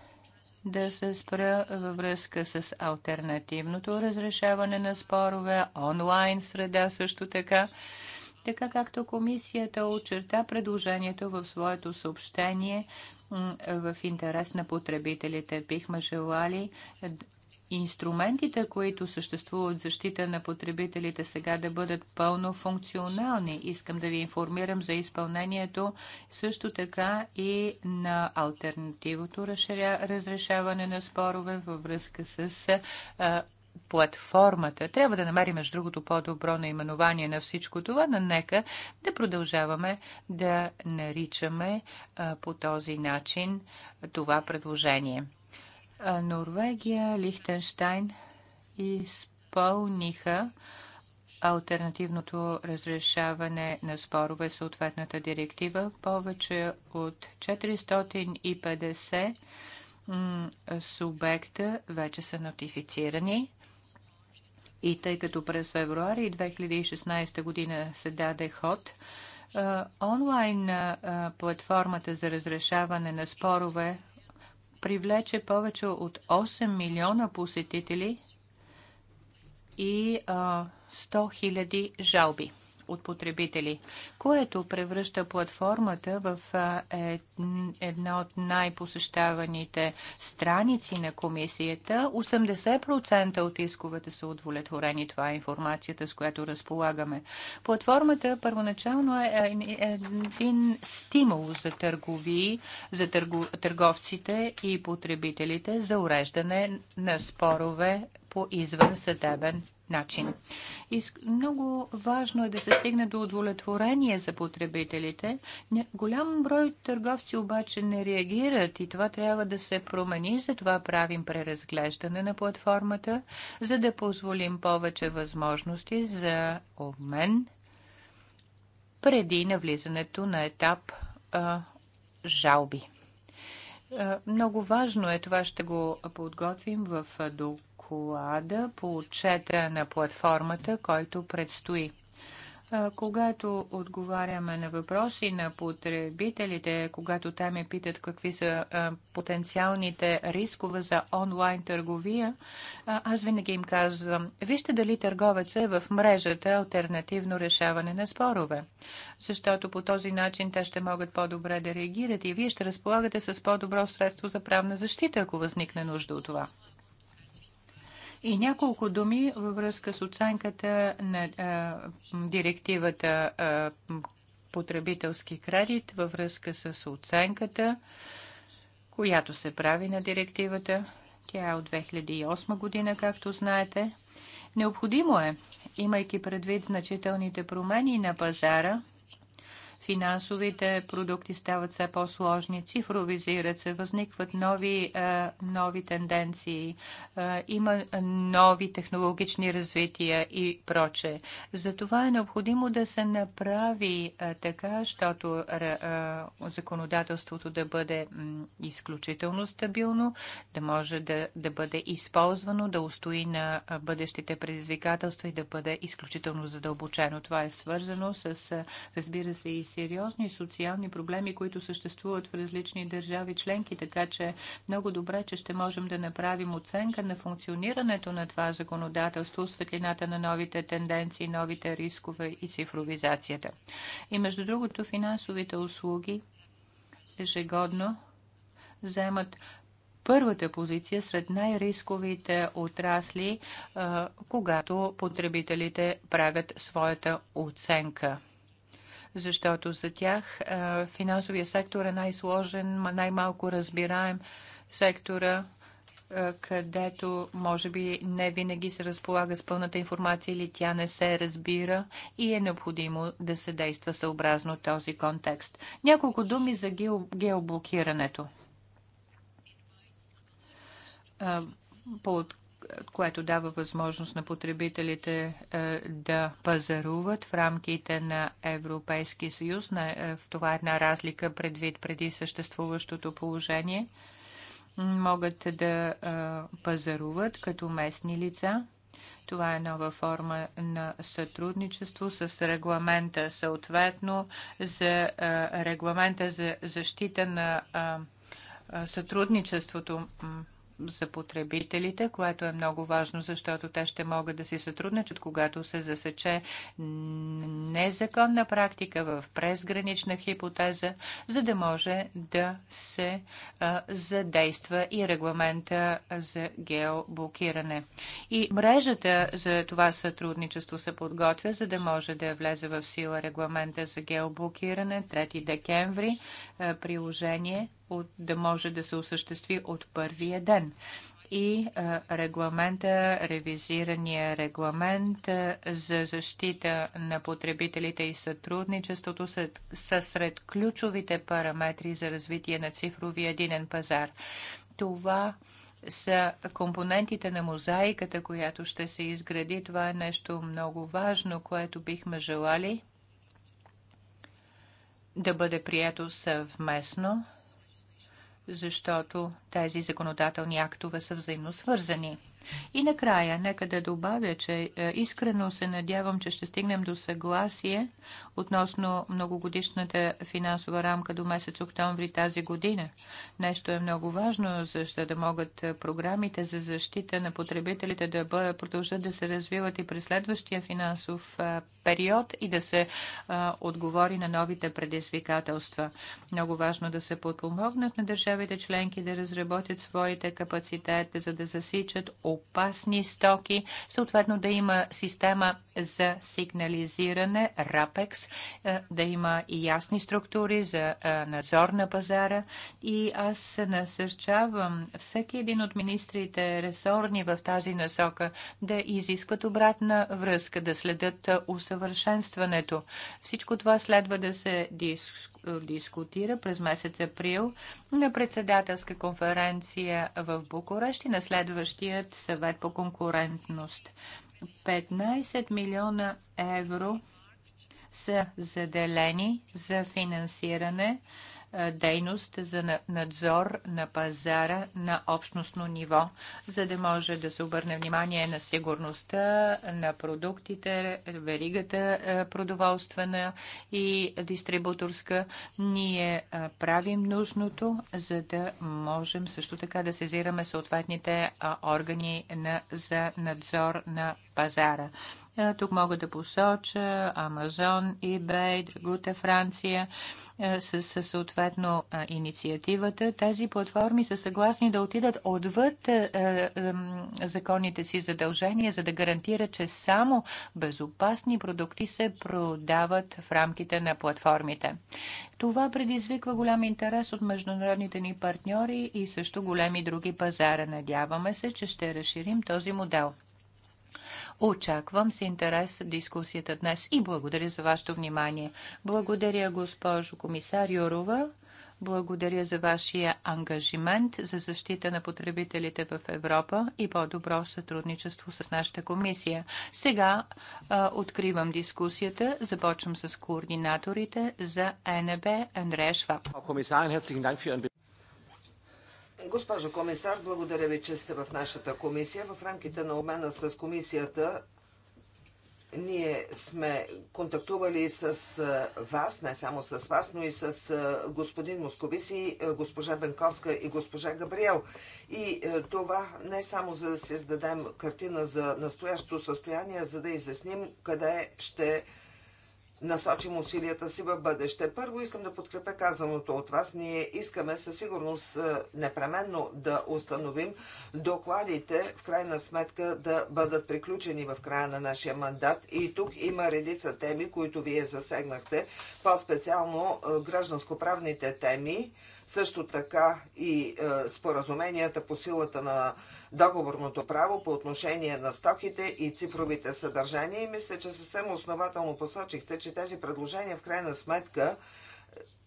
да се спра във връзка с альтернативното разрешаване на спорове, онлайн среда също така. Така както комисията очерта предложението в своето съобщение в интерес на потребителите, бихме желали инструментите, които съществуват защита на потребителите сега да бъдат пълно функционални. Искам да ви информирам за изпълнението също така и на альтернативното разрешаване на спорове във връзка с а, платформата. Трябва да намерим, между другото, по-добро наименование на всичко това, но нека да продължаваме да наричаме а, по този начин това предложение. Норвегия, Лихтенштайн изпълниха альтернативното разрешаване на спорове съответната директива. Повече от 450 субекта вече са нотифицирани. И тъй като през февруари 2016 година се даде ход, онлайн платформата за разрешаване на спорове привлече повече от 8 милиона посетители и 100 хиляди жалби от потребители, което превръща платформата в е, една от най-посещаваните страници на комисията. 80% от исковете са удовлетворени. Това е информацията, с която разполагаме. Платформата първоначално е, е, е един стимул за търгови, за търговците и потребителите за уреждане на спорове по извън съдебен начин. И много важно е да се стигне до удовлетворение за потребителите. Голям брой търговци обаче не реагират и това трябва да се промени. Затова правим преразглеждане на платформата, за да позволим повече възможности за обмен преди навлизането на етап а, жалби. Много важно е, това ще го подготвим в доклада доклада по отчета на платформата, който предстои. Когато отговаряме на въпроси на потребителите, когато те ме питат какви са потенциалните рискове за онлайн търговия, аз винаги им казвам, вижте дали търговеца е в мрежата альтернативно решаване на спорове. Защото по този начин те ще могат по-добре да реагират и вие ще разполагате с по-добро средство за правна защита, ако възникне нужда от това. И няколко думи във връзка с оценката на а, директивата а, потребителски кредит, във връзка с оценката, която се прави на директивата. Тя е от 2008 година, както знаете. Необходимо е, имайки предвид значителните промени на пазара, финансовите продукти стават все по-сложни, цифровизират се, възникват нови, е, нови тенденции, е, има нови технологични развития и проче. Затова е необходимо да се направи е, така, защото законодателството да бъде изключително стабилно, да може да, да бъде използвано, да устои на бъдещите предизвикателства и да бъде изключително задълбочено. Това е свързано с, разбира се, и сериозни социални проблеми, които съществуват в различни държави членки, така че много добре, че ще можем да направим оценка на функционирането на това законодателство, светлината на новите тенденции, новите рискове и цифровизацията. И между другото, финансовите услуги ежегодно вземат първата позиция сред най-рисковите отрасли, когато потребителите правят своята оценка защото за тях финансовия сектор е най-сложен, най-малко разбираем сектора, където може би не винаги се разполага с пълната информация или тя не се разбира и е необходимо да се действа съобразно този контекст. Няколко думи за геоблокирането което дава възможност на потребителите е, да пазаруват в рамките на Европейския съюз. Е, това е една разлика предвид преди съществуващото положение. Могат да е, пазаруват като местни лица. Това е нова форма на сътрудничество с регламента, съответно за регламента за защита на сътрудничеството за потребителите, което е много важно, защото те ще могат да си сътрудничат, когато се засече незаконна практика в презгранична хипотеза, за да може да се а, задейства и регламента за геоблокиране. И мрежата за това сътрудничество се подготвя, за да може да влезе в сила регламента за геоблокиране 3 декември, а, приложение от, да може да се осъществи от първия ден и регламента, ревизирания регламент за защита на потребителите и сътрудничеството са, са сред ключовите параметри за развитие на цифровия единен пазар. Това са компонентите на мозаиката, която ще се изгради. Това е нещо много важно, което бихме желали да бъде прието съвместно защото тези законодателни актове са взаимно свързани. И накрая, нека да добавя, че е, искрено се надявам, че ще стигнем до съгласие относно многогодишната финансова рамка до месец октомври тази година. Нещо е много важно, защото да могат е, програмите за защита на потребителите да продължат да се развиват и през следващия финансов е, период и да се а, отговори на новите предизвикателства. Много важно да се подпомогнат на държавите членки да разработят своите капацитети, за да засичат опасни стоки, съответно да има система за сигнализиране, РАПЕКС, е, да има и ясни структури за е, надзор на пазара. И аз насърчавам всеки един от министрите ресорни в тази насока да изискват обратна връзка, да следят е, усъвършенстването. Всичко това следва да се дискутира през месец април на председателска конференция в Букурещ и на следващият съвет по конкурентност. 15 милиона евро са заделени за финансиране е, дейност за надзор на пазара на общностно ниво, за да може да се обърне внимание на сигурността на продуктите, веригата е, продоволствена и дистрибуторска. Ние е, правим нужното, за да можем също така да сезираме съответните органи на, за надзор на пазара. Е, тук мога да посоча Амазон, eBay, Драгута, Франция е, с съответно е, инициативата. Тези платформи са съгласни да отидат отвъд законните си задължения, за да гарантират, че само безопасни продукти се продават в рамките на платформите. Това предизвиква голям интерес от международните ни партньори и също големи други пазара. Надяваме се, че ще разширим този модел. Очаквам с интерес дискусията днес и благодаря за вашето внимание. Благодаря, госпожо комисар Юрова. Благодаря за вашия ангажимент за защита на потребителите в Европа и по-добро сътрудничество с нашата комисия. Сега а, откривам дискусията. Започвам с координаторите за НБ Андрея Шваб. Госпожо комисар, благодаря ви, че сте в нашата комисия. В рамките на обмена с комисията ние сме контактували с вас, не само с вас, но и с господин Московиси, госпожа Бенковска и госпожа Габриел. И това не само за да се издадем картина за настоящото състояние, за да изясним къде ще насочим усилията си в бъдеще. Първо искам да подкрепя казаното от вас. Ние искаме със сигурност е, непременно да установим докладите, в крайна сметка да бъдат приключени в края на нашия мандат. И тук има редица теми, които вие засегнахте, по-специално е, гражданско-правните теми, също така и е, споразуменията по силата на договорното право по отношение на стоките и цифровите съдържания и мисля, че съвсем основателно посочихте, че тези предложения в крайна сметка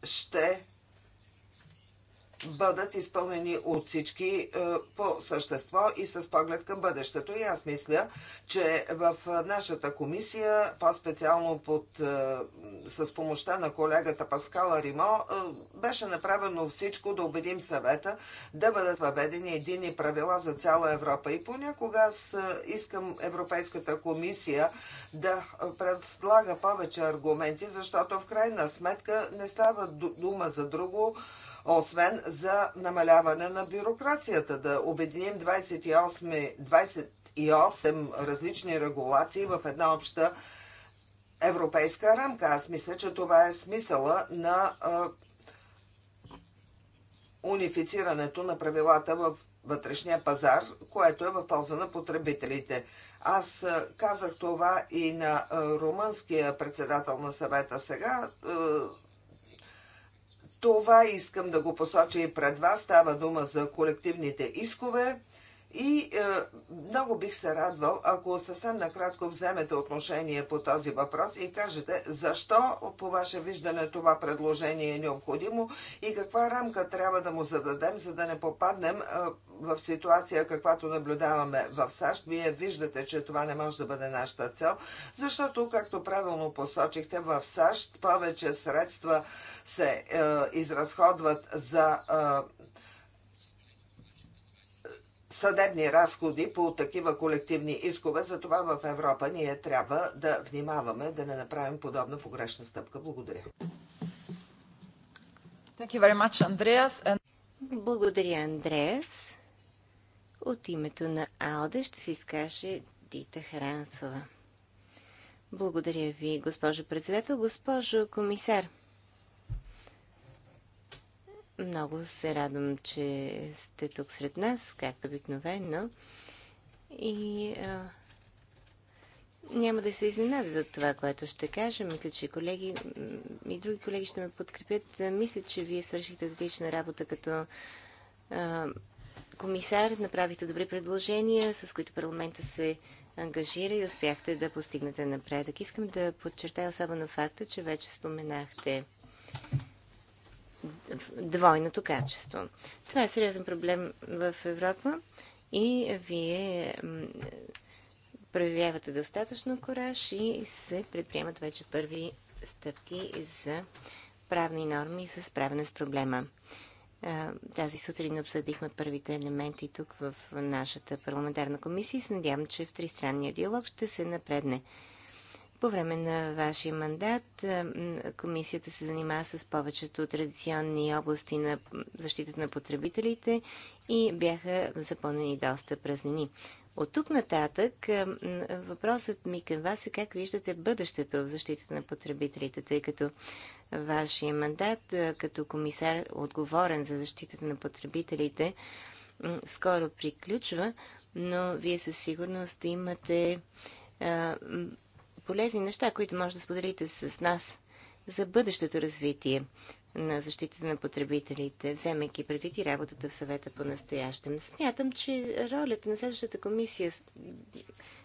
ще бъдат изпълнени от всички е, по същество и с поглед към бъдещето. И аз мисля, че в е, нашата комисия, по-специално под, е, с помощта на колегата Паскала Римо, беше направено всичко да убедим съвета да бъдат въведени едини правила за цяла Европа. И понякога аз искам Европейската комисия да предлага повече аргументи, защото в крайна сметка не става дума за друго, освен за намаляване на бюрокрацията, да обединим 28, 28 различни регулации в една обща европейска рамка. Аз мисля, че това е смисъла на а, унифицирането на правилата в вътрешния пазар, което е в полза на потребителите. Аз казах това и на румънския председател на съвета сега. Това искам да го посоча и пред вас. Става дума за колективните искове. И е, много бих се радвал, ако съвсем накратко вземете отношение по този въпрос и кажете защо по ваше виждане това предложение е необходимо и каква рамка трябва да му зададем, за да не попаднем е, в ситуация, каквато наблюдаваме в САЩ. Вие виждате, че това не може да бъде нашата цел, защото, както правилно посочихте, в САЩ повече средства се е, изразходват за. Е, съдебни разходи по такива колективни искове. Затова в Европа ние трябва да внимаваме да не направим подобна погрешна стъпка. Благодаря. Much, Благодаря, Андреас. От името на Алде ще се изкаже Дита Хрансова. Благодаря ви, госпожо председател, госпожо комисар. Много се радвам, че сте тук сред нас, както обикновено. И а, няма да се изненада от това, което ще кажа. Мисля, че колеги и други колеги ще ме подкрепят. Мисля, че вие свършихте отлична работа като а, комисар, направихте добри предложения, с които парламента се ангажира и успяхте да постигнете напредък. Искам да подчертая особено факта, че вече споменахте двойното качество. Това е сериозен проблем в Европа и вие проявявате достатъчно кораж и се предприемат вече първи стъпки за правни норми за справяне с проблема. Тази сутрин обсъдихме първите елементи тук в нашата парламентарна комисия и се надявам, че в тристранния диалог ще се напредне. По време на вашия мандат комисията се занимава с повечето традиционни области на защитата на потребителите и бяха запълнени доста празнини. От тук нататък въпросът ми към вас е как виждате бъдещето в защитата на потребителите, тъй като вашия мандат като комисар отговорен за защитата на потребителите скоро приключва, но вие със сигурност имате полезни неща, които може да споделите с нас за бъдещето развитие на защита на потребителите, вземайки предвид и работата в съвета по настоящем. Смятам, че ролята на следващата комисия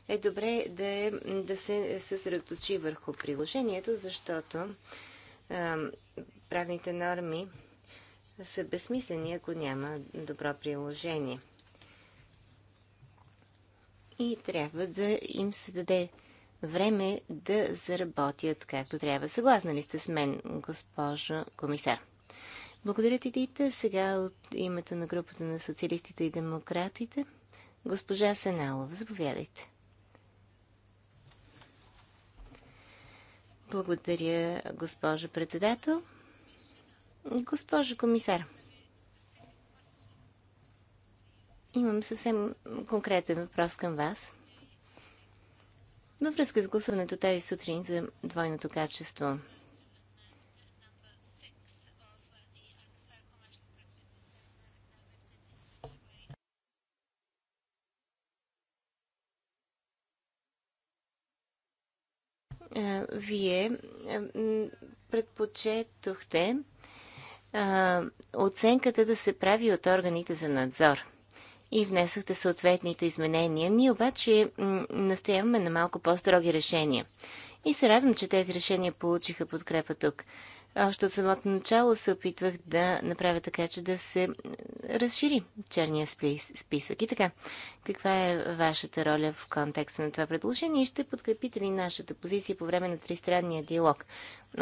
е добре да, е, да се съсредоточи върху приложението, защото а, правните норми са безсмислени, ако няма добро приложение. И трябва да им се даде време да заработят както трябва. Съгласна ли сте с мен, госпожо комисар? Благодаря ти, Дита. Сега от името на групата на социалистите и демократите, госпожа Сеналова, заповядайте. Благодаря, госпожо председател. Госпожо комисар, имам съвсем конкретен въпрос към вас – във връзка с гласуването тази сутрин за двойното качество. Вие предпочетохте оценката да се прави от органите за надзор и внесохте съответните изменения. Ние обаче настояваме на малко по-строги решения. И се радвам, че тези решения получиха подкрепа тук. Още от самото начало се опитвах да направя така, че да се разшири черния списък. И така, каква е вашата роля в контекста на това предложение и ще подкрепите ли нашата позиция по време на тристранния диалог?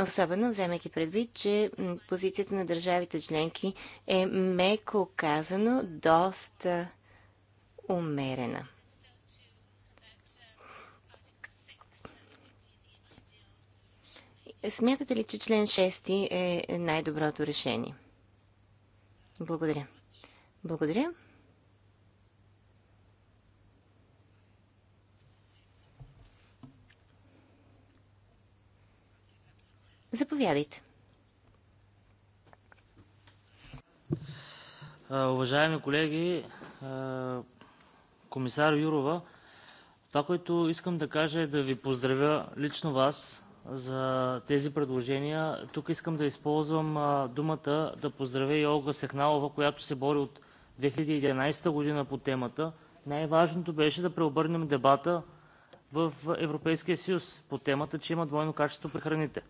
Особено вземайки предвид, че позицията на държавите членки е меко казано доста умерена. Смятате ли, че член 6 е най-доброто решение? Благодаря. Благодаря. Заповядайте. Уважаеми колеги, комисар Юрова, това, което искам да кажа, е да Ви поздравя лично Вас за тези предложения. Тук искам да използвам думата да поздравя и Олга Сехналова, която се бори от 2011 година по темата. Най-важното беше да преобърнем дебата в Европейския съюз по темата, че има двойно качество при храните.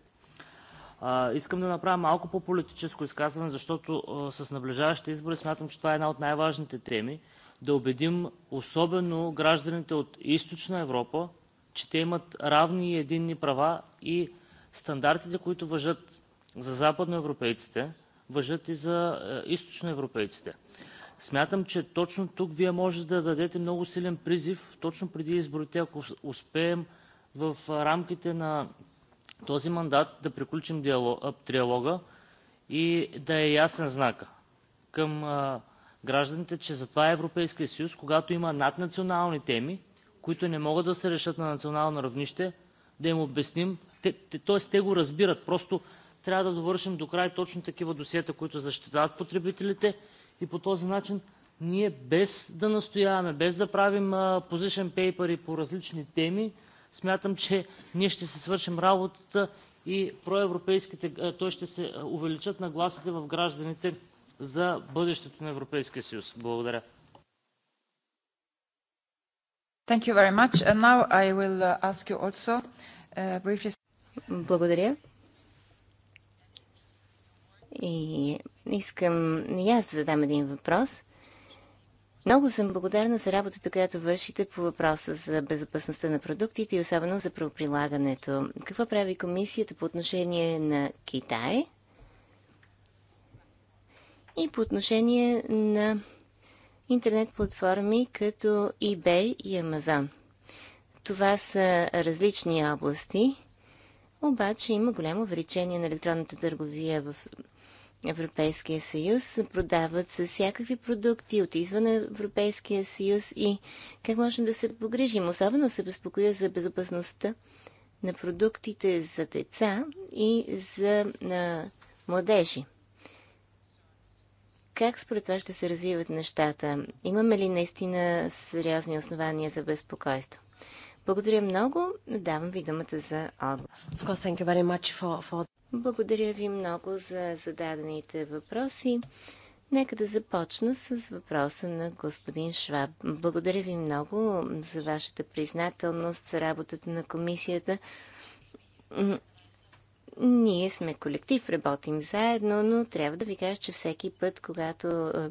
А, искам да направя малко по-политическо изказване, защото а, с наближаващите избори смятам, че това е една от най-важните теми да убедим особено гражданите от Източна Европа, че те имат равни и единни права и стандартите, които въжат за западноевропейците, въжат и за е, източноевропейците. Смятам, че точно тук Вие може да дадете много силен призив точно преди изборите, ако успеем в е, рамките на този мандат да приключим е, триалога и да е ясен знак към гражданите, че затова е Европейския съюз, когато има наднационални теми, които не могат да се решат на национално равнище, да им обясним, тоест те го разбират, просто трябва да довършим до край точно такива досиета, които защитават потребителите и по този начин ние без да настояваме, без да правим позишен пейпери по различни теми, смятам, че ние ще се свършим работата и проевропейските, т.е. ще се увеличат нагласите в гражданите за бъдещето на Европейския съюз. Благодаря. Thank you very much. And now I will uh, ask you also uh, briefly... Благодаря. И искам и аз да задам един въпрос. Много съм благодарна за работата, която вършите по въпроса за безопасността на продуктите и особено за правоприлагането. Какво прави комисията по отношение на Китай? и по отношение на интернет платформи като eBay и Amazon. Това са различни области, обаче има голямо увеличение на електронната търговия в Европейския съюз. Продават се всякакви продукти от извън Европейския съюз и как можем да се погрижим. Особено се безпокоя за безопасността на продуктите за деца и за на младежи как според това ще се развиват нещата? Имаме ли наистина сериозни основания за безпокойство? Благодаря много. Давам ви думата за отговор. Благодаря ви много за зададените въпроси. Нека да започна с въпроса на господин Шваб. Благодаря ви много за вашата признателност за работата на комисията. Ние сме колектив, работим заедно, но трябва да ви кажа, че всеки път, когато а,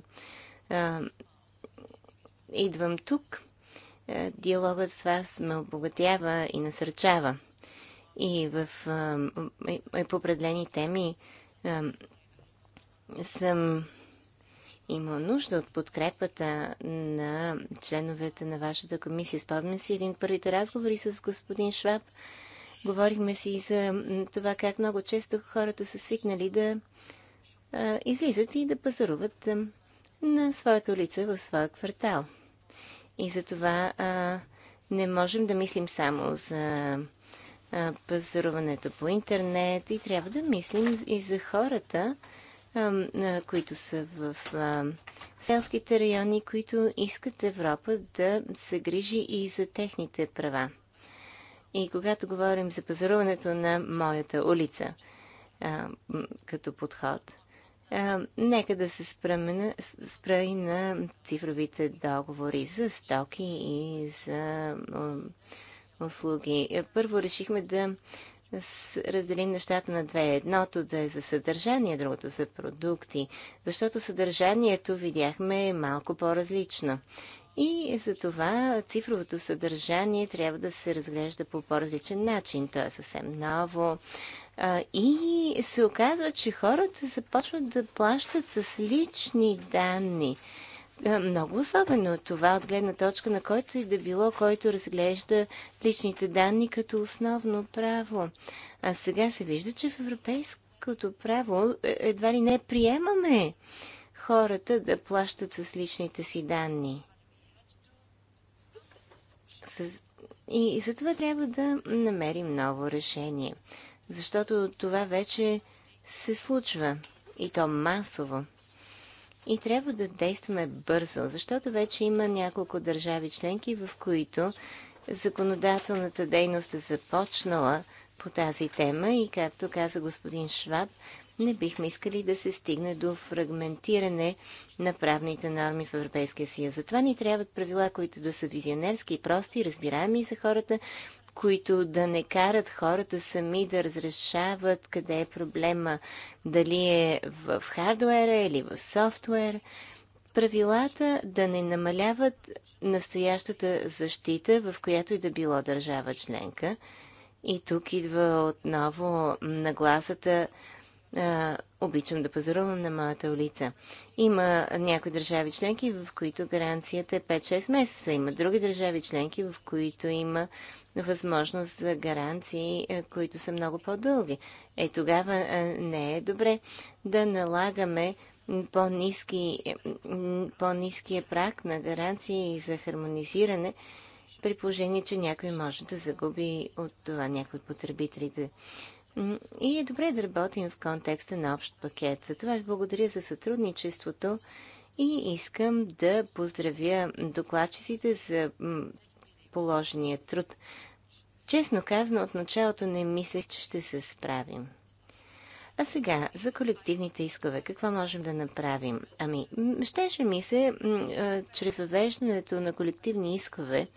а, идвам тук, а, диалогът с вас ме обогатява и насърчава. И в а, и по определени теми а, съм имал нужда от подкрепата на членовете на вашата комисия. Спомням си един първите разговори с господин Шваб Говорихме си и за това как много често хората са свикнали да излизат и да пазаруват на своята улица, в своя квартал. И за това не можем да мислим само за пазаруването по интернет и трябва да мислим и за хората, които са в селските райони, които искат Европа да се грижи и за техните права. И когато говорим за пазаруването на моята улица а, като подход, а, нека да се спра, и на цифровите договори за стоки и за а, услуги. Първо решихме да разделим нещата на две. Едното да е за съдържание, другото за продукти, защото съдържанието видяхме е малко по-различно. И за това цифровото съдържание трябва да се разглежда по по-различен начин. То е съвсем ново. И се оказва, че хората започват да плащат с лични данни. Много особено това от гледна точка на който и да било, който разглежда личните данни като основно право. А сега се вижда, че в европейското право е, едва ли не приемаме хората да плащат с личните си данни. И за това трябва да намерим ново решение, защото това вече се случва и то масово. И трябва да действаме бързо, защото вече има няколко държави членки, в които законодателната дейност е започнала по тази тема и, както каза господин Шваб, не бихме искали да се стигне до фрагментиране на правните норми в Европейския съюз. Затова ни трябват правила, които да са визионерски и прости, разбираеми за хората, които да не карат хората сами да разрешават къде е проблема, дали е в хардуера или в софтуер. Правилата да не намаляват настоящата защита, в която и да било държава членка. И тук идва отново нагласата а, обичам да пазарувам на моята улица. Има някои държави членки, в които гаранцията е 5-6 месеца. Има други държави членки, в които има възможност за гаранции, които са много по-дълги. Е, тогава не е добре да налагаме по-низки, по-низкия прак на гаранции за хармонизиране, при положение, че някой може да загуби от това, някои потребителите. Да и е добре да работим в контекста на общ пакет. За това ви благодаря за сътрудничеството и искам да поздравя докладчиците за положения труд. Честно казано, от началото не мислех, че ще се справим. А сега, за колективните искове, какво можем да направим? Ами, щеше ми се, чрез въвеждането на колективни искове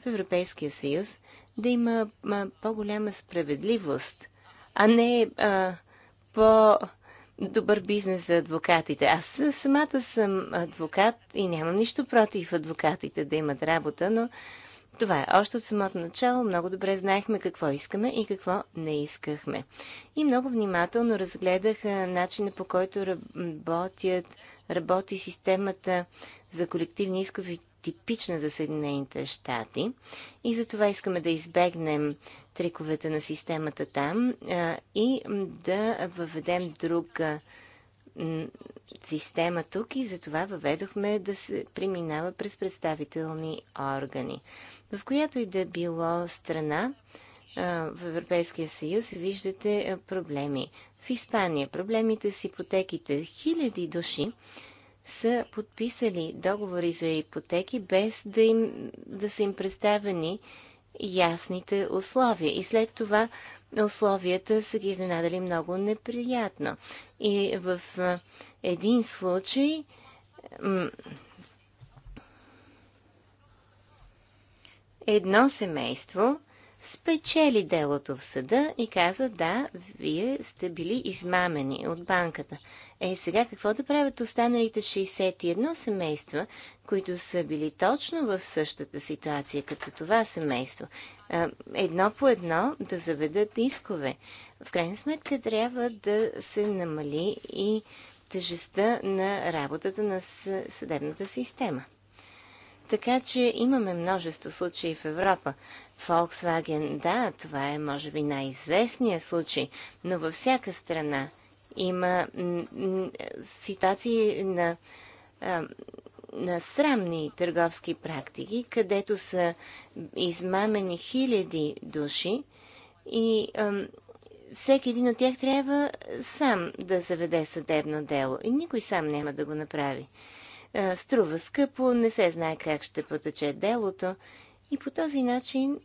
в Европейския съюз, да има по-голяма справедливост – а не а, по добър бизнес за адвокатите. Аз самата съм адвокат и нямам нищо против адвокатите да имат работа, но това е. Още от самото начало много добре знаехме какво искаме и какво не искахме. И много внимателно разгледах начина по който работят, работи системата за колективни искови типична за Съединените щати и за това искаме да избегнем триковете на системата там и да въведем друга система тук и затова въведохме да се преминава през представителни органи. В която и да било страна в Европейския съюз виждате проблеми. В Испания проблемите с ипотеките хиляди души са подписали договори за ипотеки без да, им, да са им представени ясните условия. И след това условията са ги изненадали много неприятно. И в един случай едно семейство спечели делото в съда и каза, да, вие сте били измамени от банката. Е, сега какво да правят останалите 61 семейства, които са били точно в същата ситуация като това семейство? Едно по едно да заведат искове. В крайна сметка трябва да се намали и тежестта на работата на съдебната система. Така че имаме множество случаи в Европа. Volkswagen, да, това е може би най-известния случай, но във всяка страна има ситуации на, на срамни търговски практики, където са измамени хиляди души и всеки един от тях трябва сам да заведе съдебно дело и никой сам няма да го направи. струва скъпо, не се знае как ще протече делото и по този начин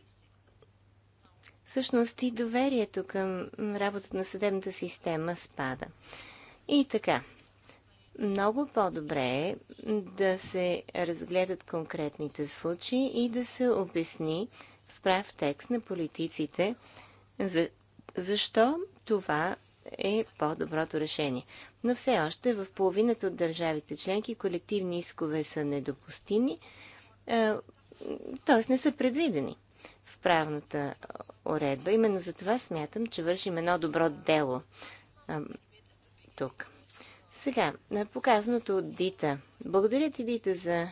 всъщност и доверието към работата на съдебната система спада. И така, много по-добре е да се разгледат конкретните случаи и да се обясни в прав текст на политиците за, защо това е по-доброто решение. Но все още в половината от държавите членки колективни искове са недопустими, т.е. не са предвидени в правната уредба. Именно за това смятам, че вършим едно добро дело а, тук. Сега, на показаното от Дита. Благодаря ти, Дита, за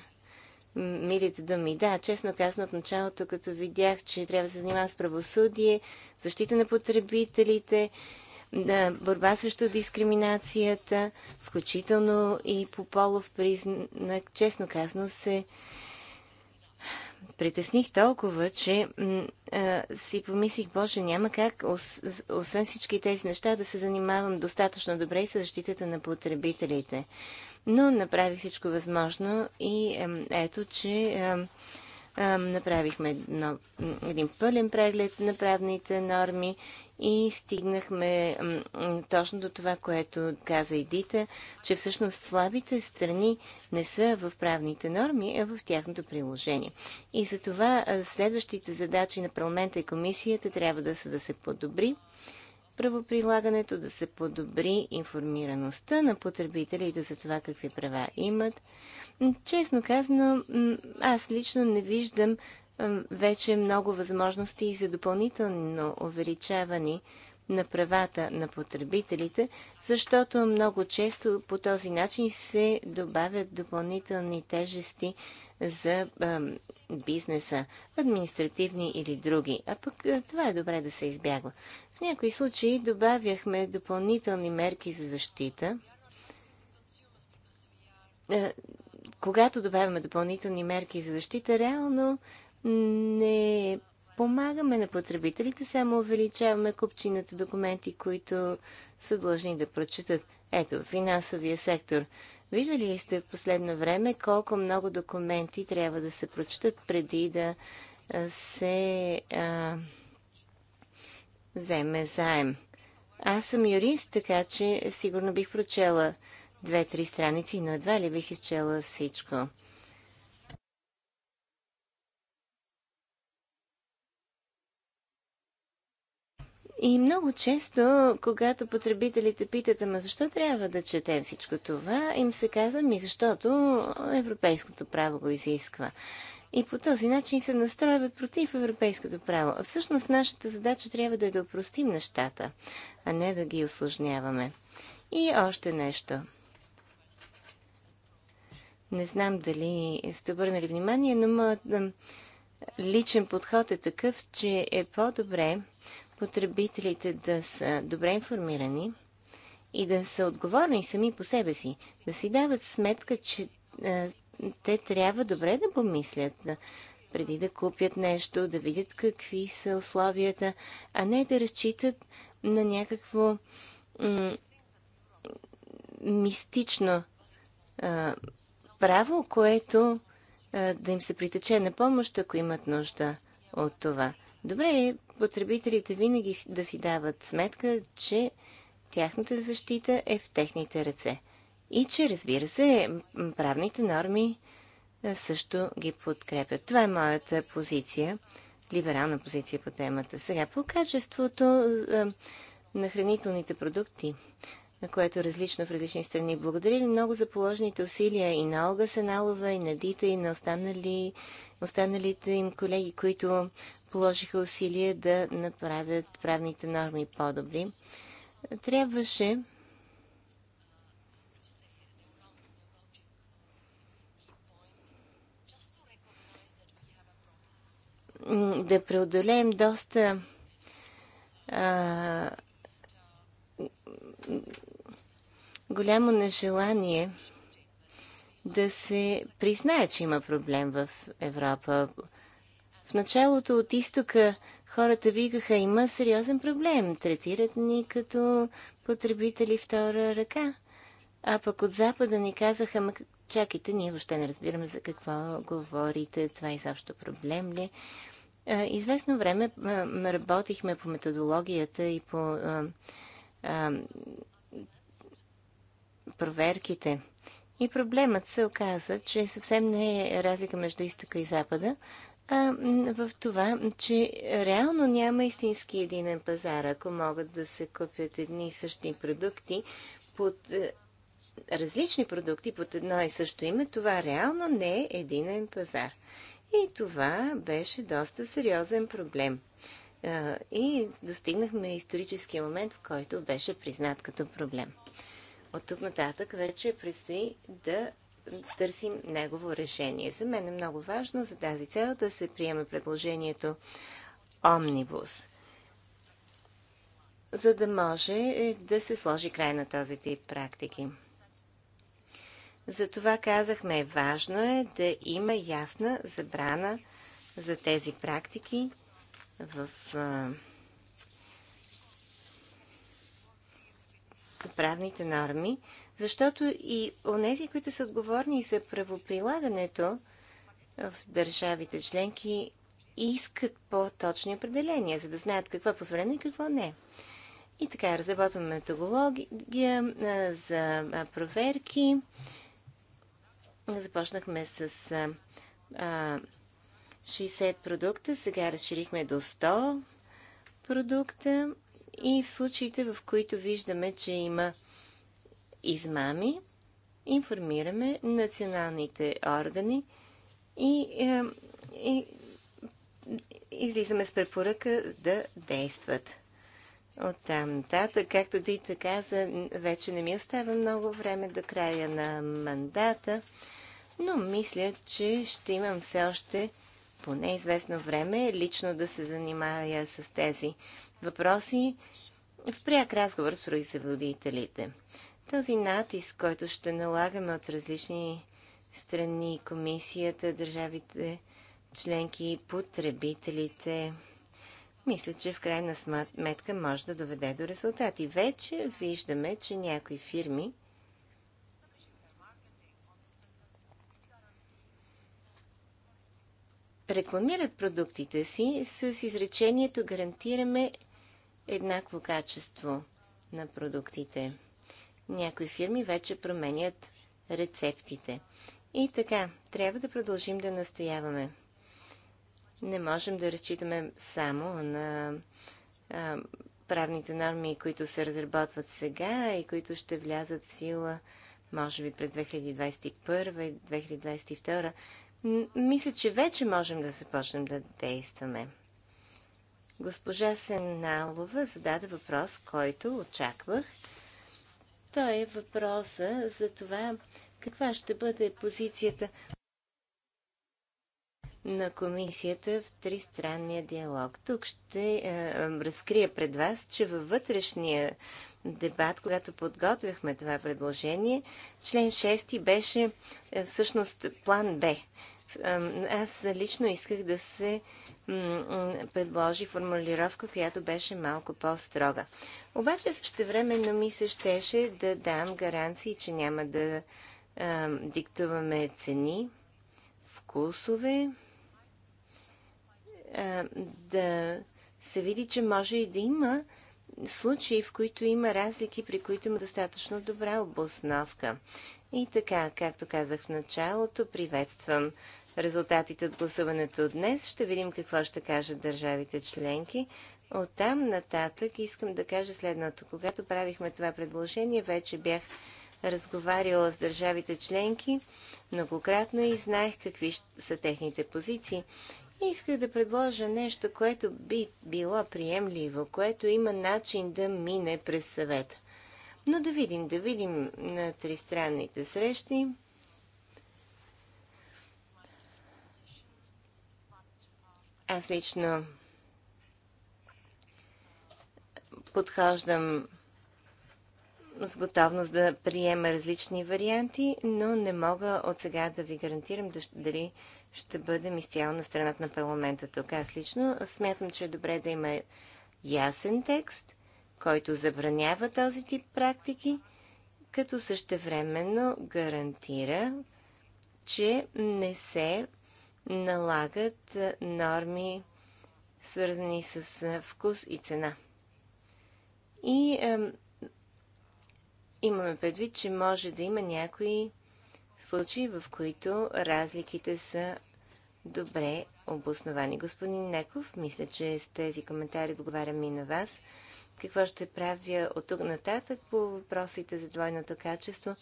милите думи. Да, честно казано, от началото, като видях, че трябва да се занимавам с правосъдие, защита на потребителите, да, борба срещу дискриминацията, включително и по полов признак, честно казано, се притесних толкова, че а, си помислих, Боже, няма как, ос, освен всички тези неща, да се занимавам достатъчно добре и с защитата на потребителите. Но направих всичко възможно и а, ето, че а, направихме едно, един пълен преглед на правните норми и стигнахме точно до това, което каза Едита, че всъщност слабите страни не са в правните норми, а в тяхното приложение. И за това следващите задачи на парламента и комисията трябва да са да се подобри правоприлагането, да се подобри информираността на потребителите за това какви права имат, Честно казано, аз лично не виждам вече много възможности за допълнително увеличаване на правата на потребителите, защото много често по този начин се добавят допълнителни тежести за бизнеса, административни или други. А пък това е добре да се избягва. В някои случаи добавяхме допълнителни мерки за защита. Е, когато добавяме допълнителни мерки за защита, реално не помагаме на потребителите, само увеличаваме купчината документи, които са длъжни да прочитат. Ето, финансовия сектор. Виждали ли сте в последно време колко много документи трябва да се прочитат преди да се а, вземе заем? Аз съм юрист, така че сигурно бих прочела две-три страници, но едва ли бих изчела всичко. И много често, когато потребителите питат, ама защо трябва да четем всичко това, им се казва, ми защото европейското право го изисква. И по този начин се настройват против европейското право. Всъщност нашата задача трябва да е да упростим нещата, а не да ги осложняваме. И още нещо – не знам дали сте обърнали внимание, но моят личен подход е такъв, че е по-добре потребителите да са добре информирани и да са отговорни сами по себе си. Да си дават сметка, че а, те трябва добре да помислят да, преди да купят нещо, да видят какви са условията, а не да разчитат на някакво мистично а, право, което а, да им се притече на помощ, ако имат нужда от това. Добре е потребителите винаги да си дават сметка, че тяхната защита е в техните ръце. И че, разбира се, правните норми също ги подкрепят. Това е моята позиция, либерална позиция по темата. Сега по качеството на хранителните продукти. На което е различно в различни страни. Благодаря ви много за положените усилия и на Олга Сеналова, и на Дита, и на останали, останалите им колеги, които положиха усилия да направят правните норми по-добри. Трябваше да преодолеем доста а, голямо нежелание да се признае, че има проблем в Европа. В началото от изтока хората викаха, има сериозен проблем, третират ни като потребители втора ръка. А пък от запада ни казаха, чакайте, ние въобще не разбираме за какво говорите, това изобщо проблем ли. Е. Известно време работихме по методологията и по а, проверките. И проблемът се оказа, че съвсем не е разлика между изтока и запада, а в това, че реално няма истински единен пазар. Ако могат да се купят едни и същи продукти под е, различни продукти под едно и също име, това реално не е единен пазар. И това беше доста сериозен проблем и достигнахме историческия момент, в който беше признат като проблем. От тук нататък вече предстои да търсим негово решение. За мен е много важно за тази цел да се приеме предложението Омнибус, за да може да се сложи край на този тип практики. Затова казахме, важно е да има ясна забрана за тези практики в а, правните норми, защото и онези, които са отговорни за правоприлагането в държавите членки, искат по-точни определения, за да знаят какво е позволено и какво не. И така, разработваме методология за проверки. Започнахме с а, 60 продукта, сега разширихме до 100 продукта и в случаите, в които виждаме, че има измами, информираме националните органи и, е, и излизаме с препоръка да действат. От там нататък, както Дита каза, вече не ми остава много време до края на мандата, но мисля, че ще имам все още поне известно време лично да се занимая с тези въпроси в пряк разговор с производителите. Този натиск, който ще налагаме от различни страни, комисията, държавите, членки, потребителите, мисля, че в крайна сметка може да доведе до резултати. Вече виждаме, че някои фирми – рекламират продуктите си с изречението гарантираме еднакво качество на продуктите. Някои фирми вече променят рецептите. И така, трябва да продължим да настояваме. Не можем да разчитаме само на а, правните норми, които се разработват сега и които ще влязат в сила, може би през 2021 и 2022. Мисля, че вече можем да започнем да действаме. Госпожа Сеналова зададе въпрос, който очаквах. Той е въпроса за това каква ще бъде позицията на комисията в тристранния диалог. Тук ще е, е разкрия пред вас, че във вътрешния дебат, когато подготвяхме това предложение, член 6 беше е, всъщност план Б. Аз лично исках да се предложи формулировка, която беше малко по-строга. Обаче същевременно ми се щеше да дам гаранции, че няма да диктуваме цени, вкусове, да се види, че може и да има случаи, в които има разлики, при които има достатъчно добра обосновка. И така, както казах в началото, приветствам резултатите от гласуването днес. Ще видим какво ще кажат държавите членки. От там нататък искам да кажа следното. Когато правихме това предложение, вече бях разговаряла с държавите членки многократно и знаех какви са техните позиции. Исках да предложа нещо, което би било приемливо, което има начин да мине през съвета. Но да видим, да видим на тристранните срещи. Аз лично подхождам с готовност да приема различни варианти, но не мога от сега да ви гарантирам дали ще бъдем изцяло на страната на парламента тук. Аз лично смятам, че е добре да има ясен текст, който забранява този тип практики, като същевременно гарантира, че не се налагат норми, свързани с вкус и цена. И е, имаме предвид, че може да има някои случаи, в които разликите са добре обосновани. Господин Неков, мисля, че с тези коментари отговарям и на вас. Какво ще правя от тук нататък по въпросите за двойното качество?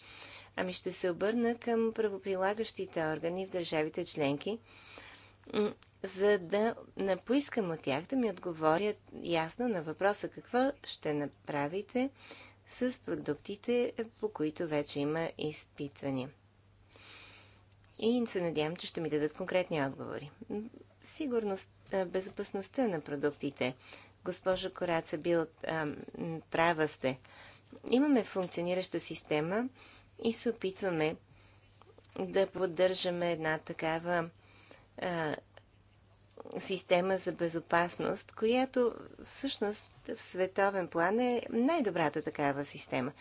Ами ще се обърна към правоприлагащите органи в държавите членки, за да напоискам от тях да ми отговорят ясно на въпроса какво ще направите с продуктите, по които вече има изпитвания и се надявам, че ще ми дадат конкретни отговори. Сигурност, безопасността на продуктите. Госпожо Кораца бил права сте. Имаме функционираща система и се опитваме да поддържаме една такава а, система за безопасност, която всъщност в световен план е най-добрата такава система.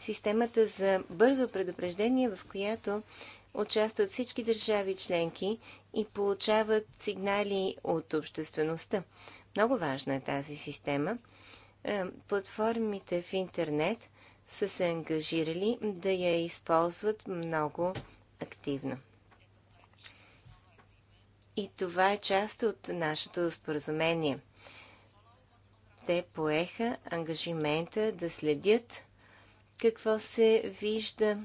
Системата за бързо предупреждение, в която участват всички държави членки и получават сигнали от обществеността. Много важна е тази система. Е, платформите в интернет са се ангажирали да я използват много активно. И това е част от нашето споразумение. Те поеха ангажимента да следят какво се вижда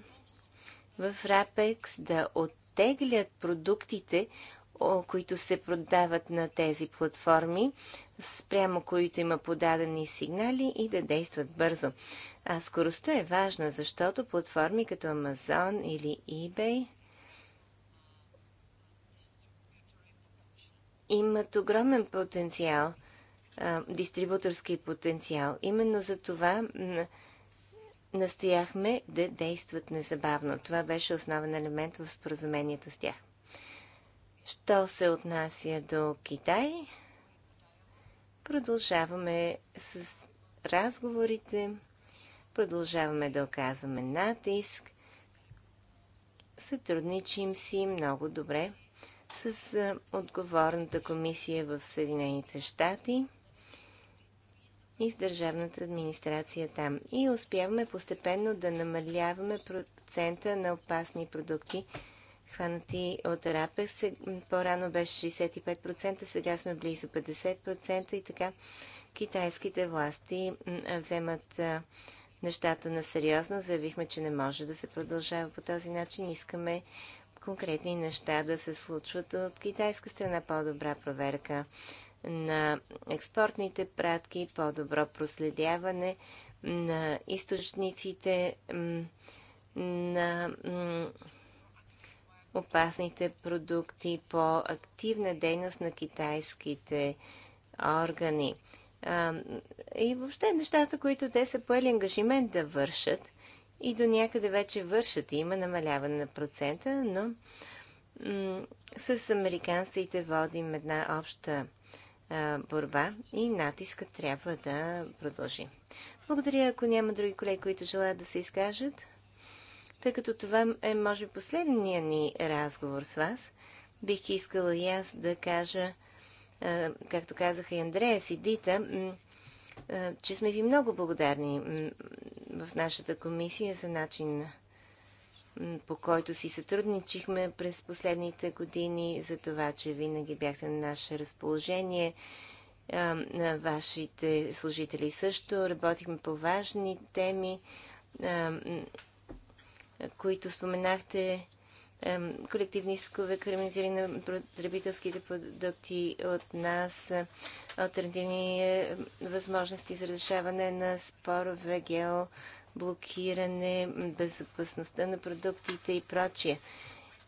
в Рапекс да оттеглят продуктите, които се продават на тези платформи, спрямо които има подадени сигнали и да действат бързо. А скоростта е важна, защото платформи като Amazon или eBay имат огромен потенциал, дистрибуторски потенциал. Именно за това настояхме да действат незабавно. Това беше основен елемент в споразумението с тях. Що се отнася до Китай, продължаваме с разговорите, продължаваме да оказваме натиск, сътрудничим си много добре с отговорната комисия в Съединените щати – и с държавната администрация там. И успяваме постепенно да намаляваме процента на опасни продукти, хванати от Рапекс. По-рано беше 65%, сега сме близо 50% и така китайските власти вземат нещата на сериозно. Заявихме, че не може да се продължава по този начин. Искаме конкретни неща да се случват от китайска страна по-добра проверка на експортните пратки, по-добро проследяване на източниците на опасните продукти, по-активна дейност на китайските органи. И въобще нещата, които те са поели ангажимент да вършат и до някъде вече вършат. Има намаляване на процента, но с американците водим една обща борба и натиска трябва да продължи. Благодаря, ако няма други колеги, които желаят да се изкажат. Тъй като това е, може би, последния ни разговор с вас, бих искала и аз да кажа, както казаха и Андрея и Дита, че сме ви много благодарни в нашата комисия за начин на по който си сътрудничихме през последните години, за това, че винаги бяхте на наше разположение. На вашите служители също работихме по важни теми, които споменахте колективни искове, криминализиране на потребителските продукти от нас, альтернативни е, възможности за разрешаване на спорове, гео блокиране, безопасността на продуктите и прочие.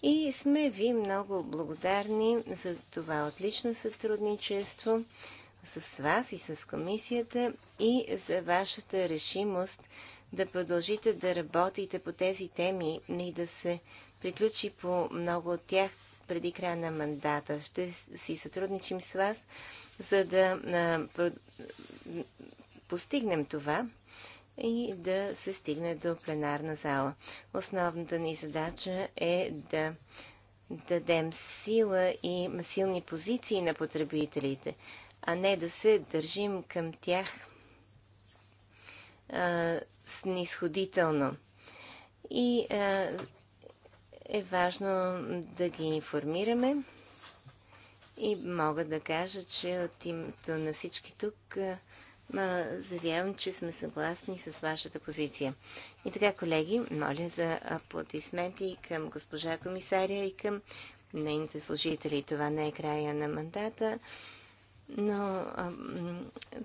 И сме ви много благодарни за това отлично сътрудничество с вас и с комисията и за вашата решимост да продължите да работите по тези теми и да се приключи по много от тях преди края на мандата. Ще си сътрудничим с вас, за да постигнем това и да се стигне до пленарна зала. Основната ни задача е да дадем сила и силни позиции на потребителите, а не да се държим към тях а, снисходително. И а, е важно да ги информираме. И мога да кажа, че от името на всички тук а, завявам, че сме съгласни с вашата позиция. И така, колеги, моля за аплодисменти към госпожа комисаря и към нейните служители. Това не е края на мандата, но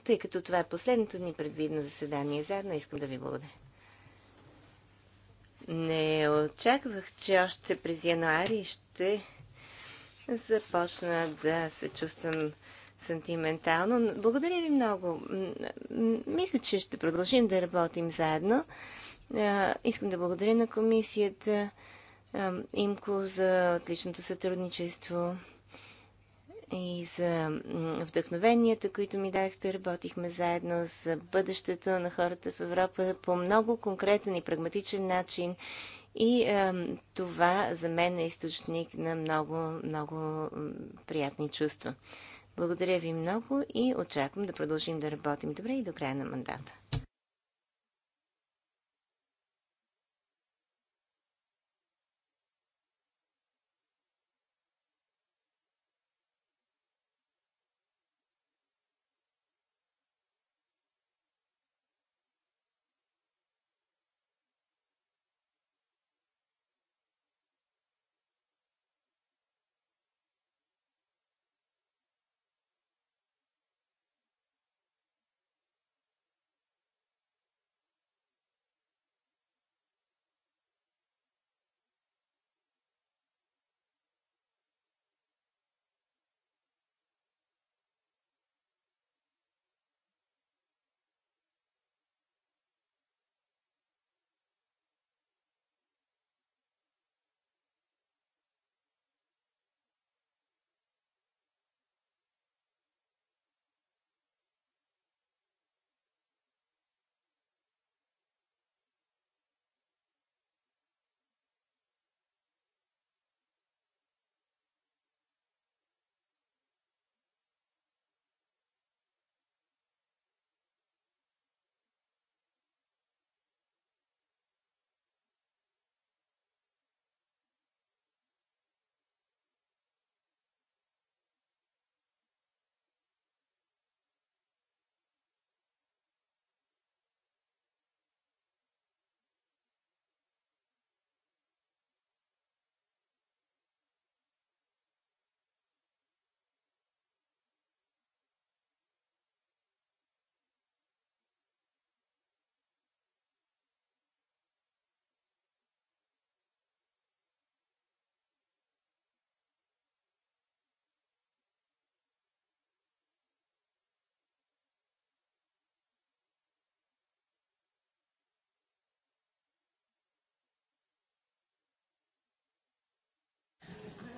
тъй като това е последното ни предвидно заседание заедно, искам да ви благодаря. Не очаквах, че още през януари ще започна да се чувствам сантиментално. Благодаря ви много. Мисля, че ще продължим да работим заедно. Искам да благодаря на комисията Имко за отличното сътрудничество и за вдъхновенията, които ми дадохте, Работихме заедно за бъдещето на хората в Европа по много конкретен и прагматичен начин. И е, това за мен е източник на много, много приятни чувства. Благодаря ви много и очаквам да продължим да работим добре и до края на мандата.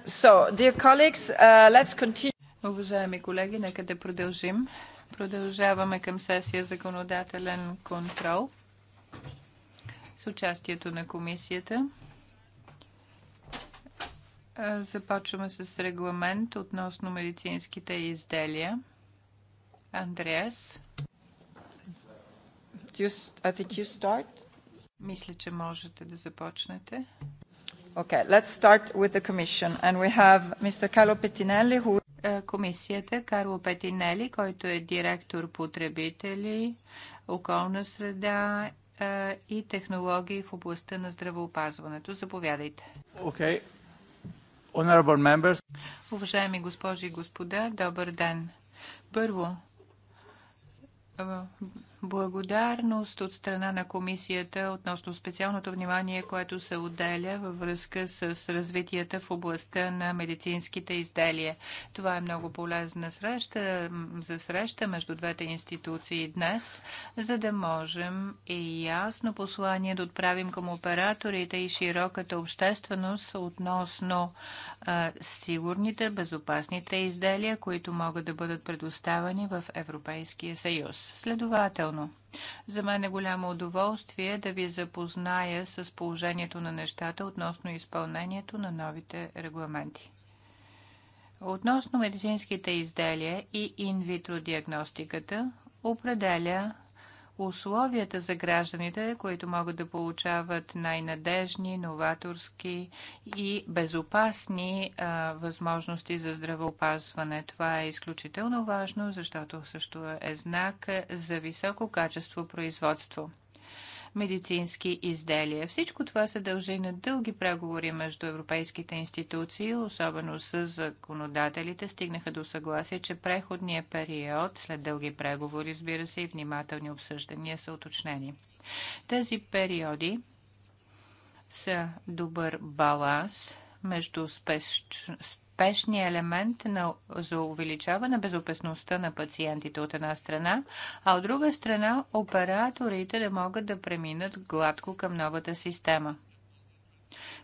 So, dear colleagues, uh, let's continue. Уважаеми колеги, нека да продължим. Продължаваме към сесия законодателен контрол с участието на комисията. Започваме с регламент относно медицинските изделия. Андреас. I think you start. Мисля, че можете да започнете. Okay, let's start with the commission. And we have Mr. Carlo who... Е, комисията Карло Петинели, който е директор потребители, околна среда е, и технологии в областта на здравеопазването. Заповядайте. Okay. Honorable members. Уважаеми госпожи и господа, добър ден. Първо, е, благодарност от страна на комисията относно специалното внимание, което се отделя във връзка с развитията в областта на медицинските изделия. Това е много полезна среща за среща между двете институции днес, за да можем и ясно послание да отправим към операторите и широката общественост относно а, сигурните, безопасните изделия, които могат да бъдат предоставени в Европейския съюз. Следователно, положително. За мен е голямо удоволствие да ви запозная с положението на нещата относно изпълнението на новите регламенти. Относно медицинските изделия и инвитро диагностиката, определя условията за гражданите, които могат да получават най-надежни, новаторски и безопасни а, възможности за здравеопазване. Това е изключително важно, защото също е знак за високо качество производство медицински изделия. Всичко това се дължи на дълги преговори между европейските институции, особено с законодателите. Стигнаха до съгласие, че преходният период, след дълги преговори, разбира се, и внимателни обсъждания са уточнени. Тези периоди са добър баланс между спешно спешния елемент на, за увеличаване на безопасността на пациентите от една страна, а от друга страна операторите да могат да преминат гладко към новата система.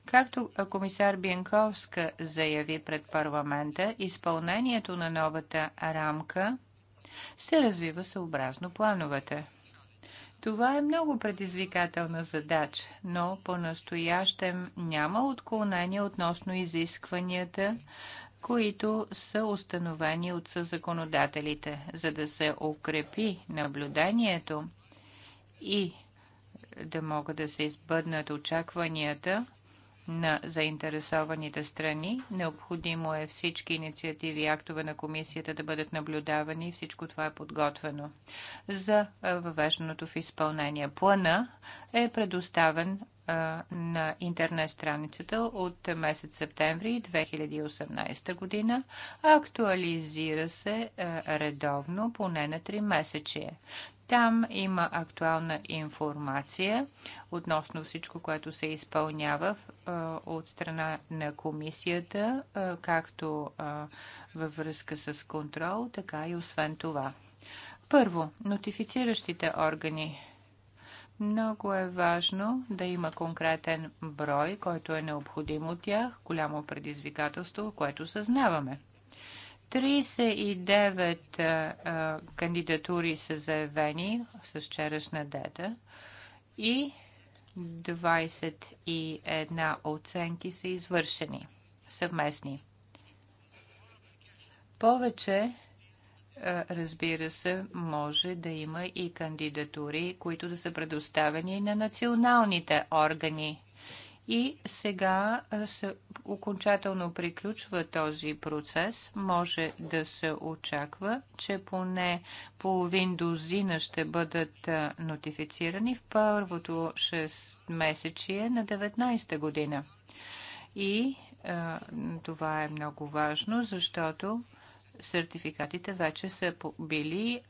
Както комисар Бенковска заяви пред парламента, изпълнението на новата рамка се развива съобразно плановете. Това е много предизвикателна задача, но по-настоящем няма отклонение относно изискванията, които са установени от съзаконодателите, за да се укрепи наблюдението и да могат да се избъднат очакванията – на заинтересованите страни. Необходимо е всички инициативи и актове на комисията да бъдат наблюдавани и всичко това е подготвено за въвеждането в изпълнение. Плана е предоставен на интернет страницата от месец септември 2018 година. Актуализира се редовно, поне на 3 месече. Там има актуална информация относно всичко, което се изпълнява от страна на комисията, както във връзка с контрол, така и освен това. Първо, нотифициращите органи много е важно да има конкретен брой, който е необходим от тях, голямо предизвикателство, което съзнаваме. 39 кандидатури са заявени с вчерашна дата и 21 оценки са извършени съвместни. Повече е, разбира се, може да има и кандидатури, които да са предоставени на националните органи. И сега е, се окончателно приключва този процес. Може да се очаква, че поне половин дозина ще бъдат е, нотифицирани в първото 6 месечие на 19-та година. И а, това е много важно, защото сертификатите вече са били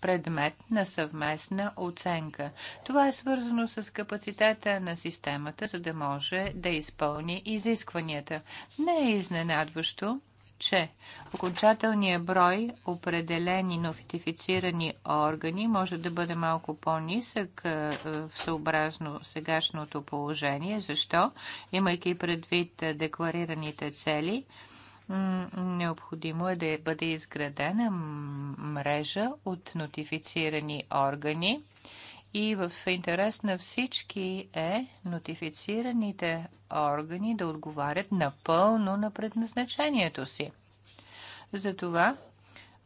предмет на съвместна оценка. Това е свързано с капацитета на системата, за да може да изпълни изискванията. Не е изненадващо, че окончателният брой определени нотифицирани органи може да бъде малко по-нисък съобразно сегашното положение. Защо? Имайки предвид декларираните цели – Необходимо е да бъде изградена мрежа от нотифицирани органи и в интерес на всички е нотифицираните органи да отговарят напълно на предназначението си. Затова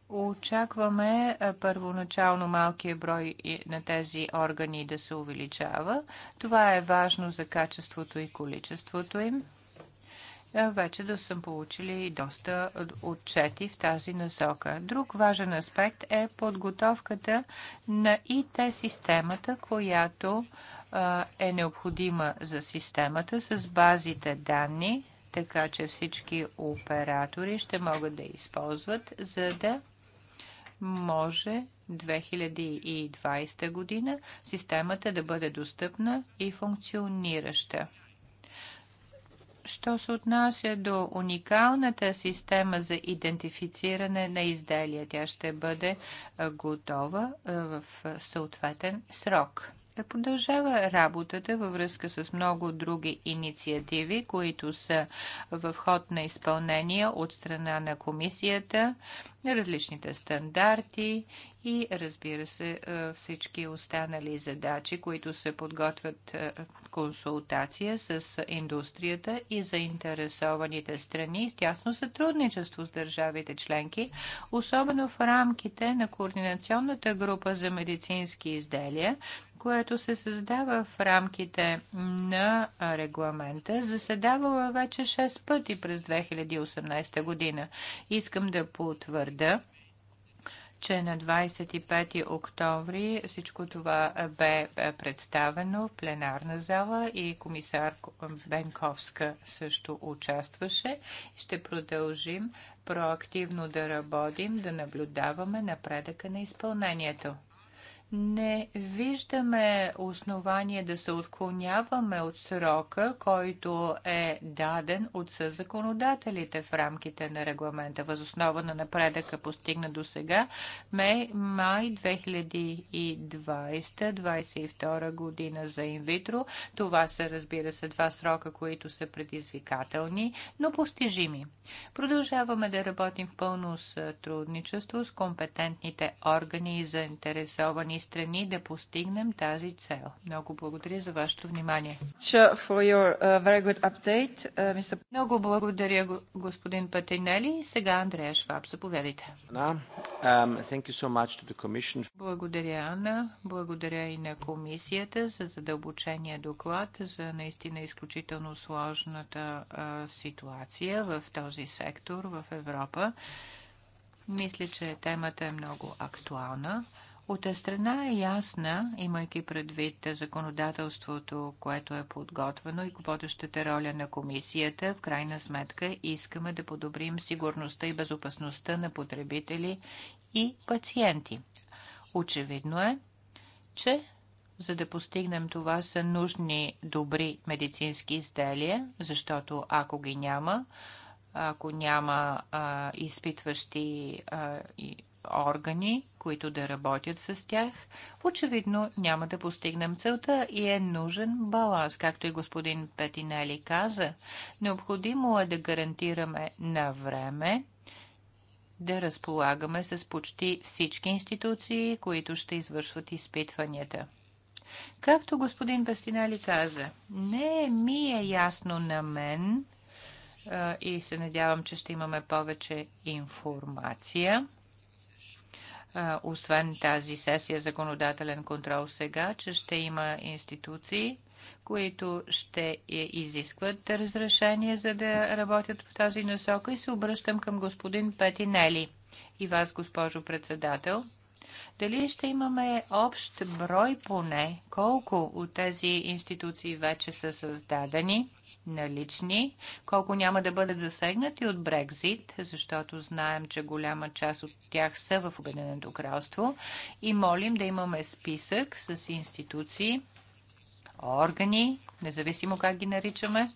Очакваме първоначално малкия брой на тези органи да се увеличава. Това е важно за качеството и количеството им. Е, вече да съм получили доста отчети в тази насока. Друг важен аспект е подготовката на ИТ системата, която е необходима за системата с базите данни, така че всички оператори ще могат да използват, за да може 2020 година системата да бъде достъпна и функционираща що се отнася до уникалната система за идентифициране на изделия, тя ще бъде готова в съответен срок. Продължава работата във връзка с много други инициативи, които са в ход на изпълнение от страна на комисията, различните стандарти и разбира се е, всички останали задачи, които се подготвят е, консултация с индустрията и заинтересованите страни в тясно сътрудничество с държавите членки, особено в рамките на координационната група за медицински изделия, което се създава в рамките на регламента, заседавала вече 6 пъти през 2018 година. Искам да потвърда, че на 25 октомври всичко това бе представено в пленарна зала и комисар Бенковска също участваше. Ще продължим проактивно да работим, да наблюдаваме напредъка на изпълнението не виждаме основание да се отклоняваме от срока, който е даден от съзаконодателите в рамките на регламента. Възоснова на напредъка постигна до сега май 2020-2022 година за инвитро. Това са, разбира се, два срока, които са предизвикателни, но постижими. Продължаваме да работим в пълно сътрудничество с компетентните органи и заинтересовани ни страни да постигнем тази цел. Много благодаря за вашето внимание. Uh, uh, много благодаря, господин Патинели. Сега Андрея Шваб, заповядайте. Um, благодаря, Анна. Благодаря и на комисията за задълбочения доклад за наистина изключително сложната а, ситуация в този сектор в Европа. Мисля, че темата е много актуална. От е страна е ясна, имайки предвид законодателството, което е подготвено и водещата роля на комисията, в крайна сметка искаме да подобрим сигурността и безопасността на потребители и пациенти. Очевидно е, че за да постигнем това са нужни добри медицински изделия, защото ако ги няма, ако няма а, изпитващи а, и органи, които да работят с тях, очевидно няма да постигнем целта и е нужен баланс. Както и господин Петинели каза, необходимо е да гарантираме на време да разполагаме с почти всички институции, които ще извършват изпитванията. Както господин Бастинали каза, не ми е ясно на мен и се надявам, че ще имаме повече информация освен тази сесия законодателен контрол сега, че ще има институции, които ще е, изискват разрешение за да работят в тази насока и се обръщам към господин Петинели и вас, госпожо председател. Дали ще имаме общ брой поне, колко от тези институции вече са създадени, налични, колко няма да бъдат засегнати от Брекзит, защото знаем, че голяма част от тях са в Обединеното кралство и молим да имаме списък с институции, органи, независимо как ги наричаме,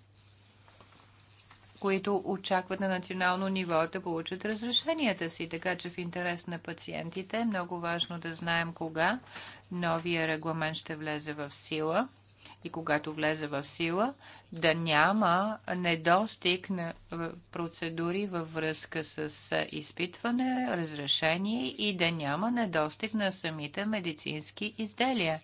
които очакват на национално ниво да получат разрешенията си. Така че в интерес на пациентите е много важно да знаем кога новия регламент ще влезе в сила – и когато влезе в сила, да няма недостиг на е, процедури във връзка с е, изпитване, разрешение и да няма недостиг на самите медицински изделия.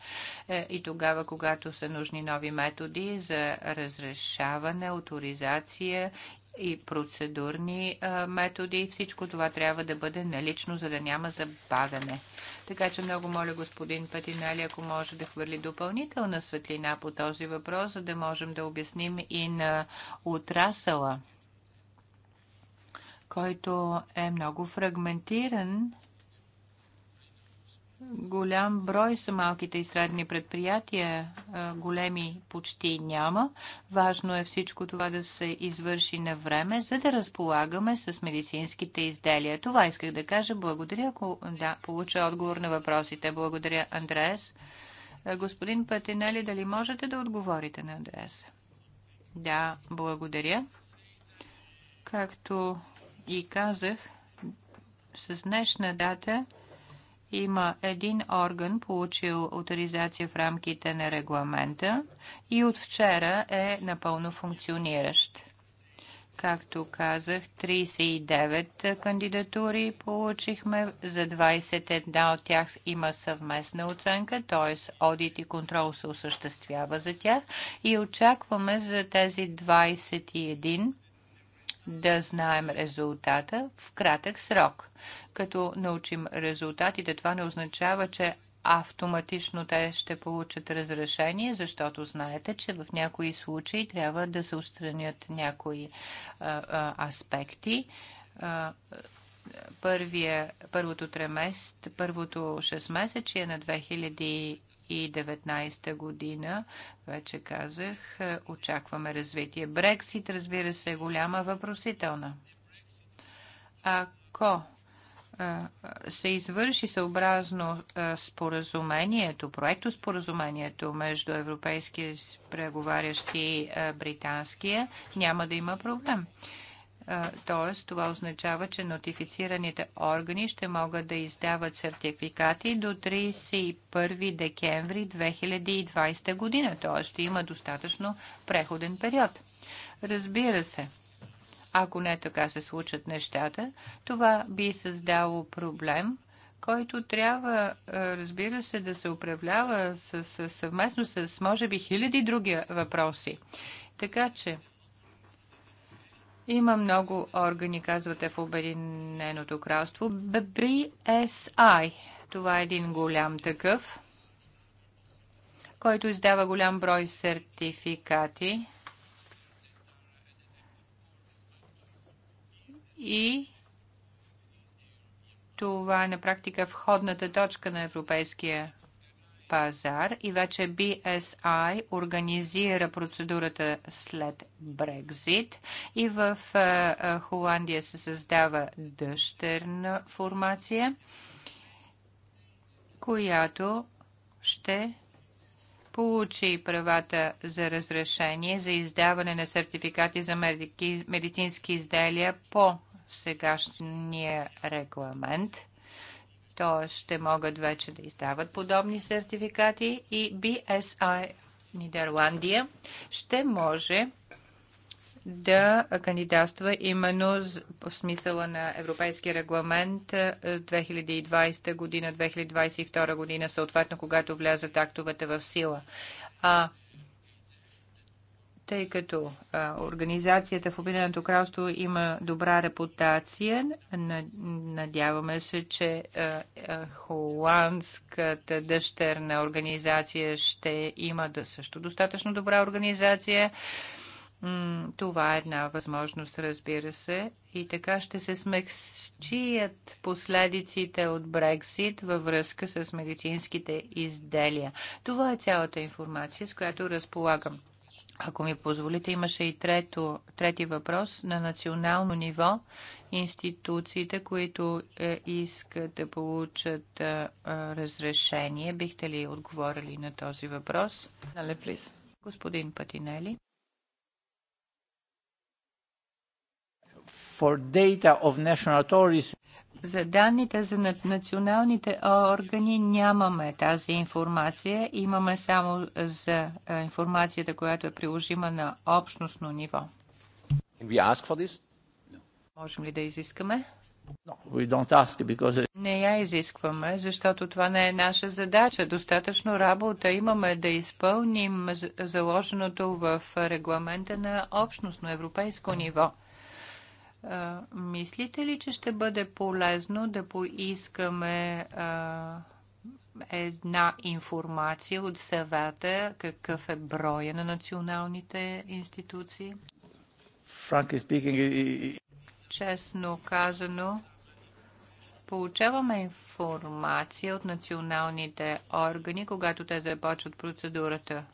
Е, и тогава, когато са нужни нови методи за разрешаване, авторизация и процедурни методи. Всичко това трябва да бъде налично, за да няма забавяне. Така че много моля господин Патинали, ако може да хвърли допълнителна светлина по този въпрос, за да можем да обясним и на отрасъла, който е много фрагментиран голям брой са малките и средни предприятия, големи почти няма. Важно е всичко това да се извърши на време, за да разполагаме с медицинските изделия. Това исках да кажа. Благодаря, ако да, получа отговор на въпросите. Благодаря, Андреас. Господин Патинели, дали можете да отговорите на Андреаса? Да, благодаря. Както и казах, с днешна дата има един орган, получил авторизация в рамките на регламента и от вчера е напълно функциониращ. Както казах, 39 кандидатури получихме. За 21 от тях има съвместна оценка, т.е. одит и контрол се осъществява за тях. И очакваме за тези 21 да знаем резултата в кратък срок като научим резултатите, това не означава, че автоматично те ще получат разрешение, защото знаете, че в някои случаи трябва да се устранят някои а, а, аспекти. А, първия, първото тремест, първото 6 месече на 2019 година, вече казах, е, очакваме развитие. Брексит, разбира се, е голяма въпросителна. Ако се извърши съобразно споразумението, проекто споразумението между европейския преговарящи и британския, няма да има проблем. Тоест, това означава, че нотифицираните органи ще могат да издават сертификати до 31 декември 2020 година. Тоест, ще има достатъчно преходен период. Разбира се, ако не така се случат нещата, това би създало проблем, който трябва, е, разбира се, да се управлява с, с, съвместно с, може би, хиляди други въпроси. Така че, има много органи, казвате в Обединеното кралство. BSI. Е това е един голям такъв, който издава голям брой сертификати. и това е на практика входната точка на европейския пазар и вече BSI организира процедурата след Брекзит и в е, е, Холандия се създава дъщерна формация, която ще получи правата за разрешение за издаване на сертификати за медицински изделия по сегашния регламент т.е. ще могат вече да издават подобни сертификати и BSI Нидерландия ще може да кандидатства именно по смисъла на Европейския регламент 2020 е, година, 2022 година, съответно когато влязат актовете в сила. А тъй като а, организацията в Обединеното кралство има добра репутация. Надяваме се, че а, а, холандската дъщерна организация ще има да, също достатъчно добра организация. това е една възможност, разбира се. И така ще се смекчият последиците от Брексит във връзка с медицинските изделия. Това е цялата информация, с която разполагам. Ако ми позволите, имаше и трето, трети въпрос на национално ниво. Институциите, които е, искат да получат е, е разрешение, бихте ли отговорили на този въпрос? Нале, Господин Патинели. For data of national authorities. За данните за националните органи нямаме тази информация. Имаме само за информацията, която е приложима на общностно ниво. Можем ли да изискаме? No, because... Не я изискваме, защото това не е наша задача. Достатъчно работа имаме да изпълним заложеното в регламента на общностно европейско ниво. Е, мислите ли, че ще бъде полезно да поискаме е, една информация от съвета, какъв е броя на националните институции? Speaking... Честно казано, получаваме информация от националните органи, когато те започват процедурата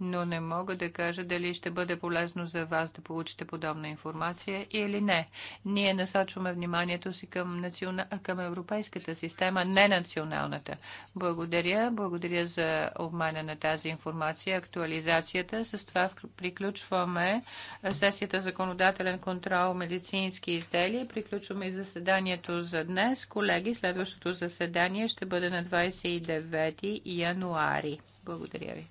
но не мога да кажа дали ще бъде полезно за вас да получите подобна информация или не. Ние насочваме вниманието си към, национа... към европейската система, не националната. Благодаря. Благодаря за обмена на тази информация, актуализацията. С това приключваме сесията законодателен контрол медицински изделия. Приключваме и заседанието за днес. Колеги, следващото заседание ще бъде на 29 януари. Благодаря ви.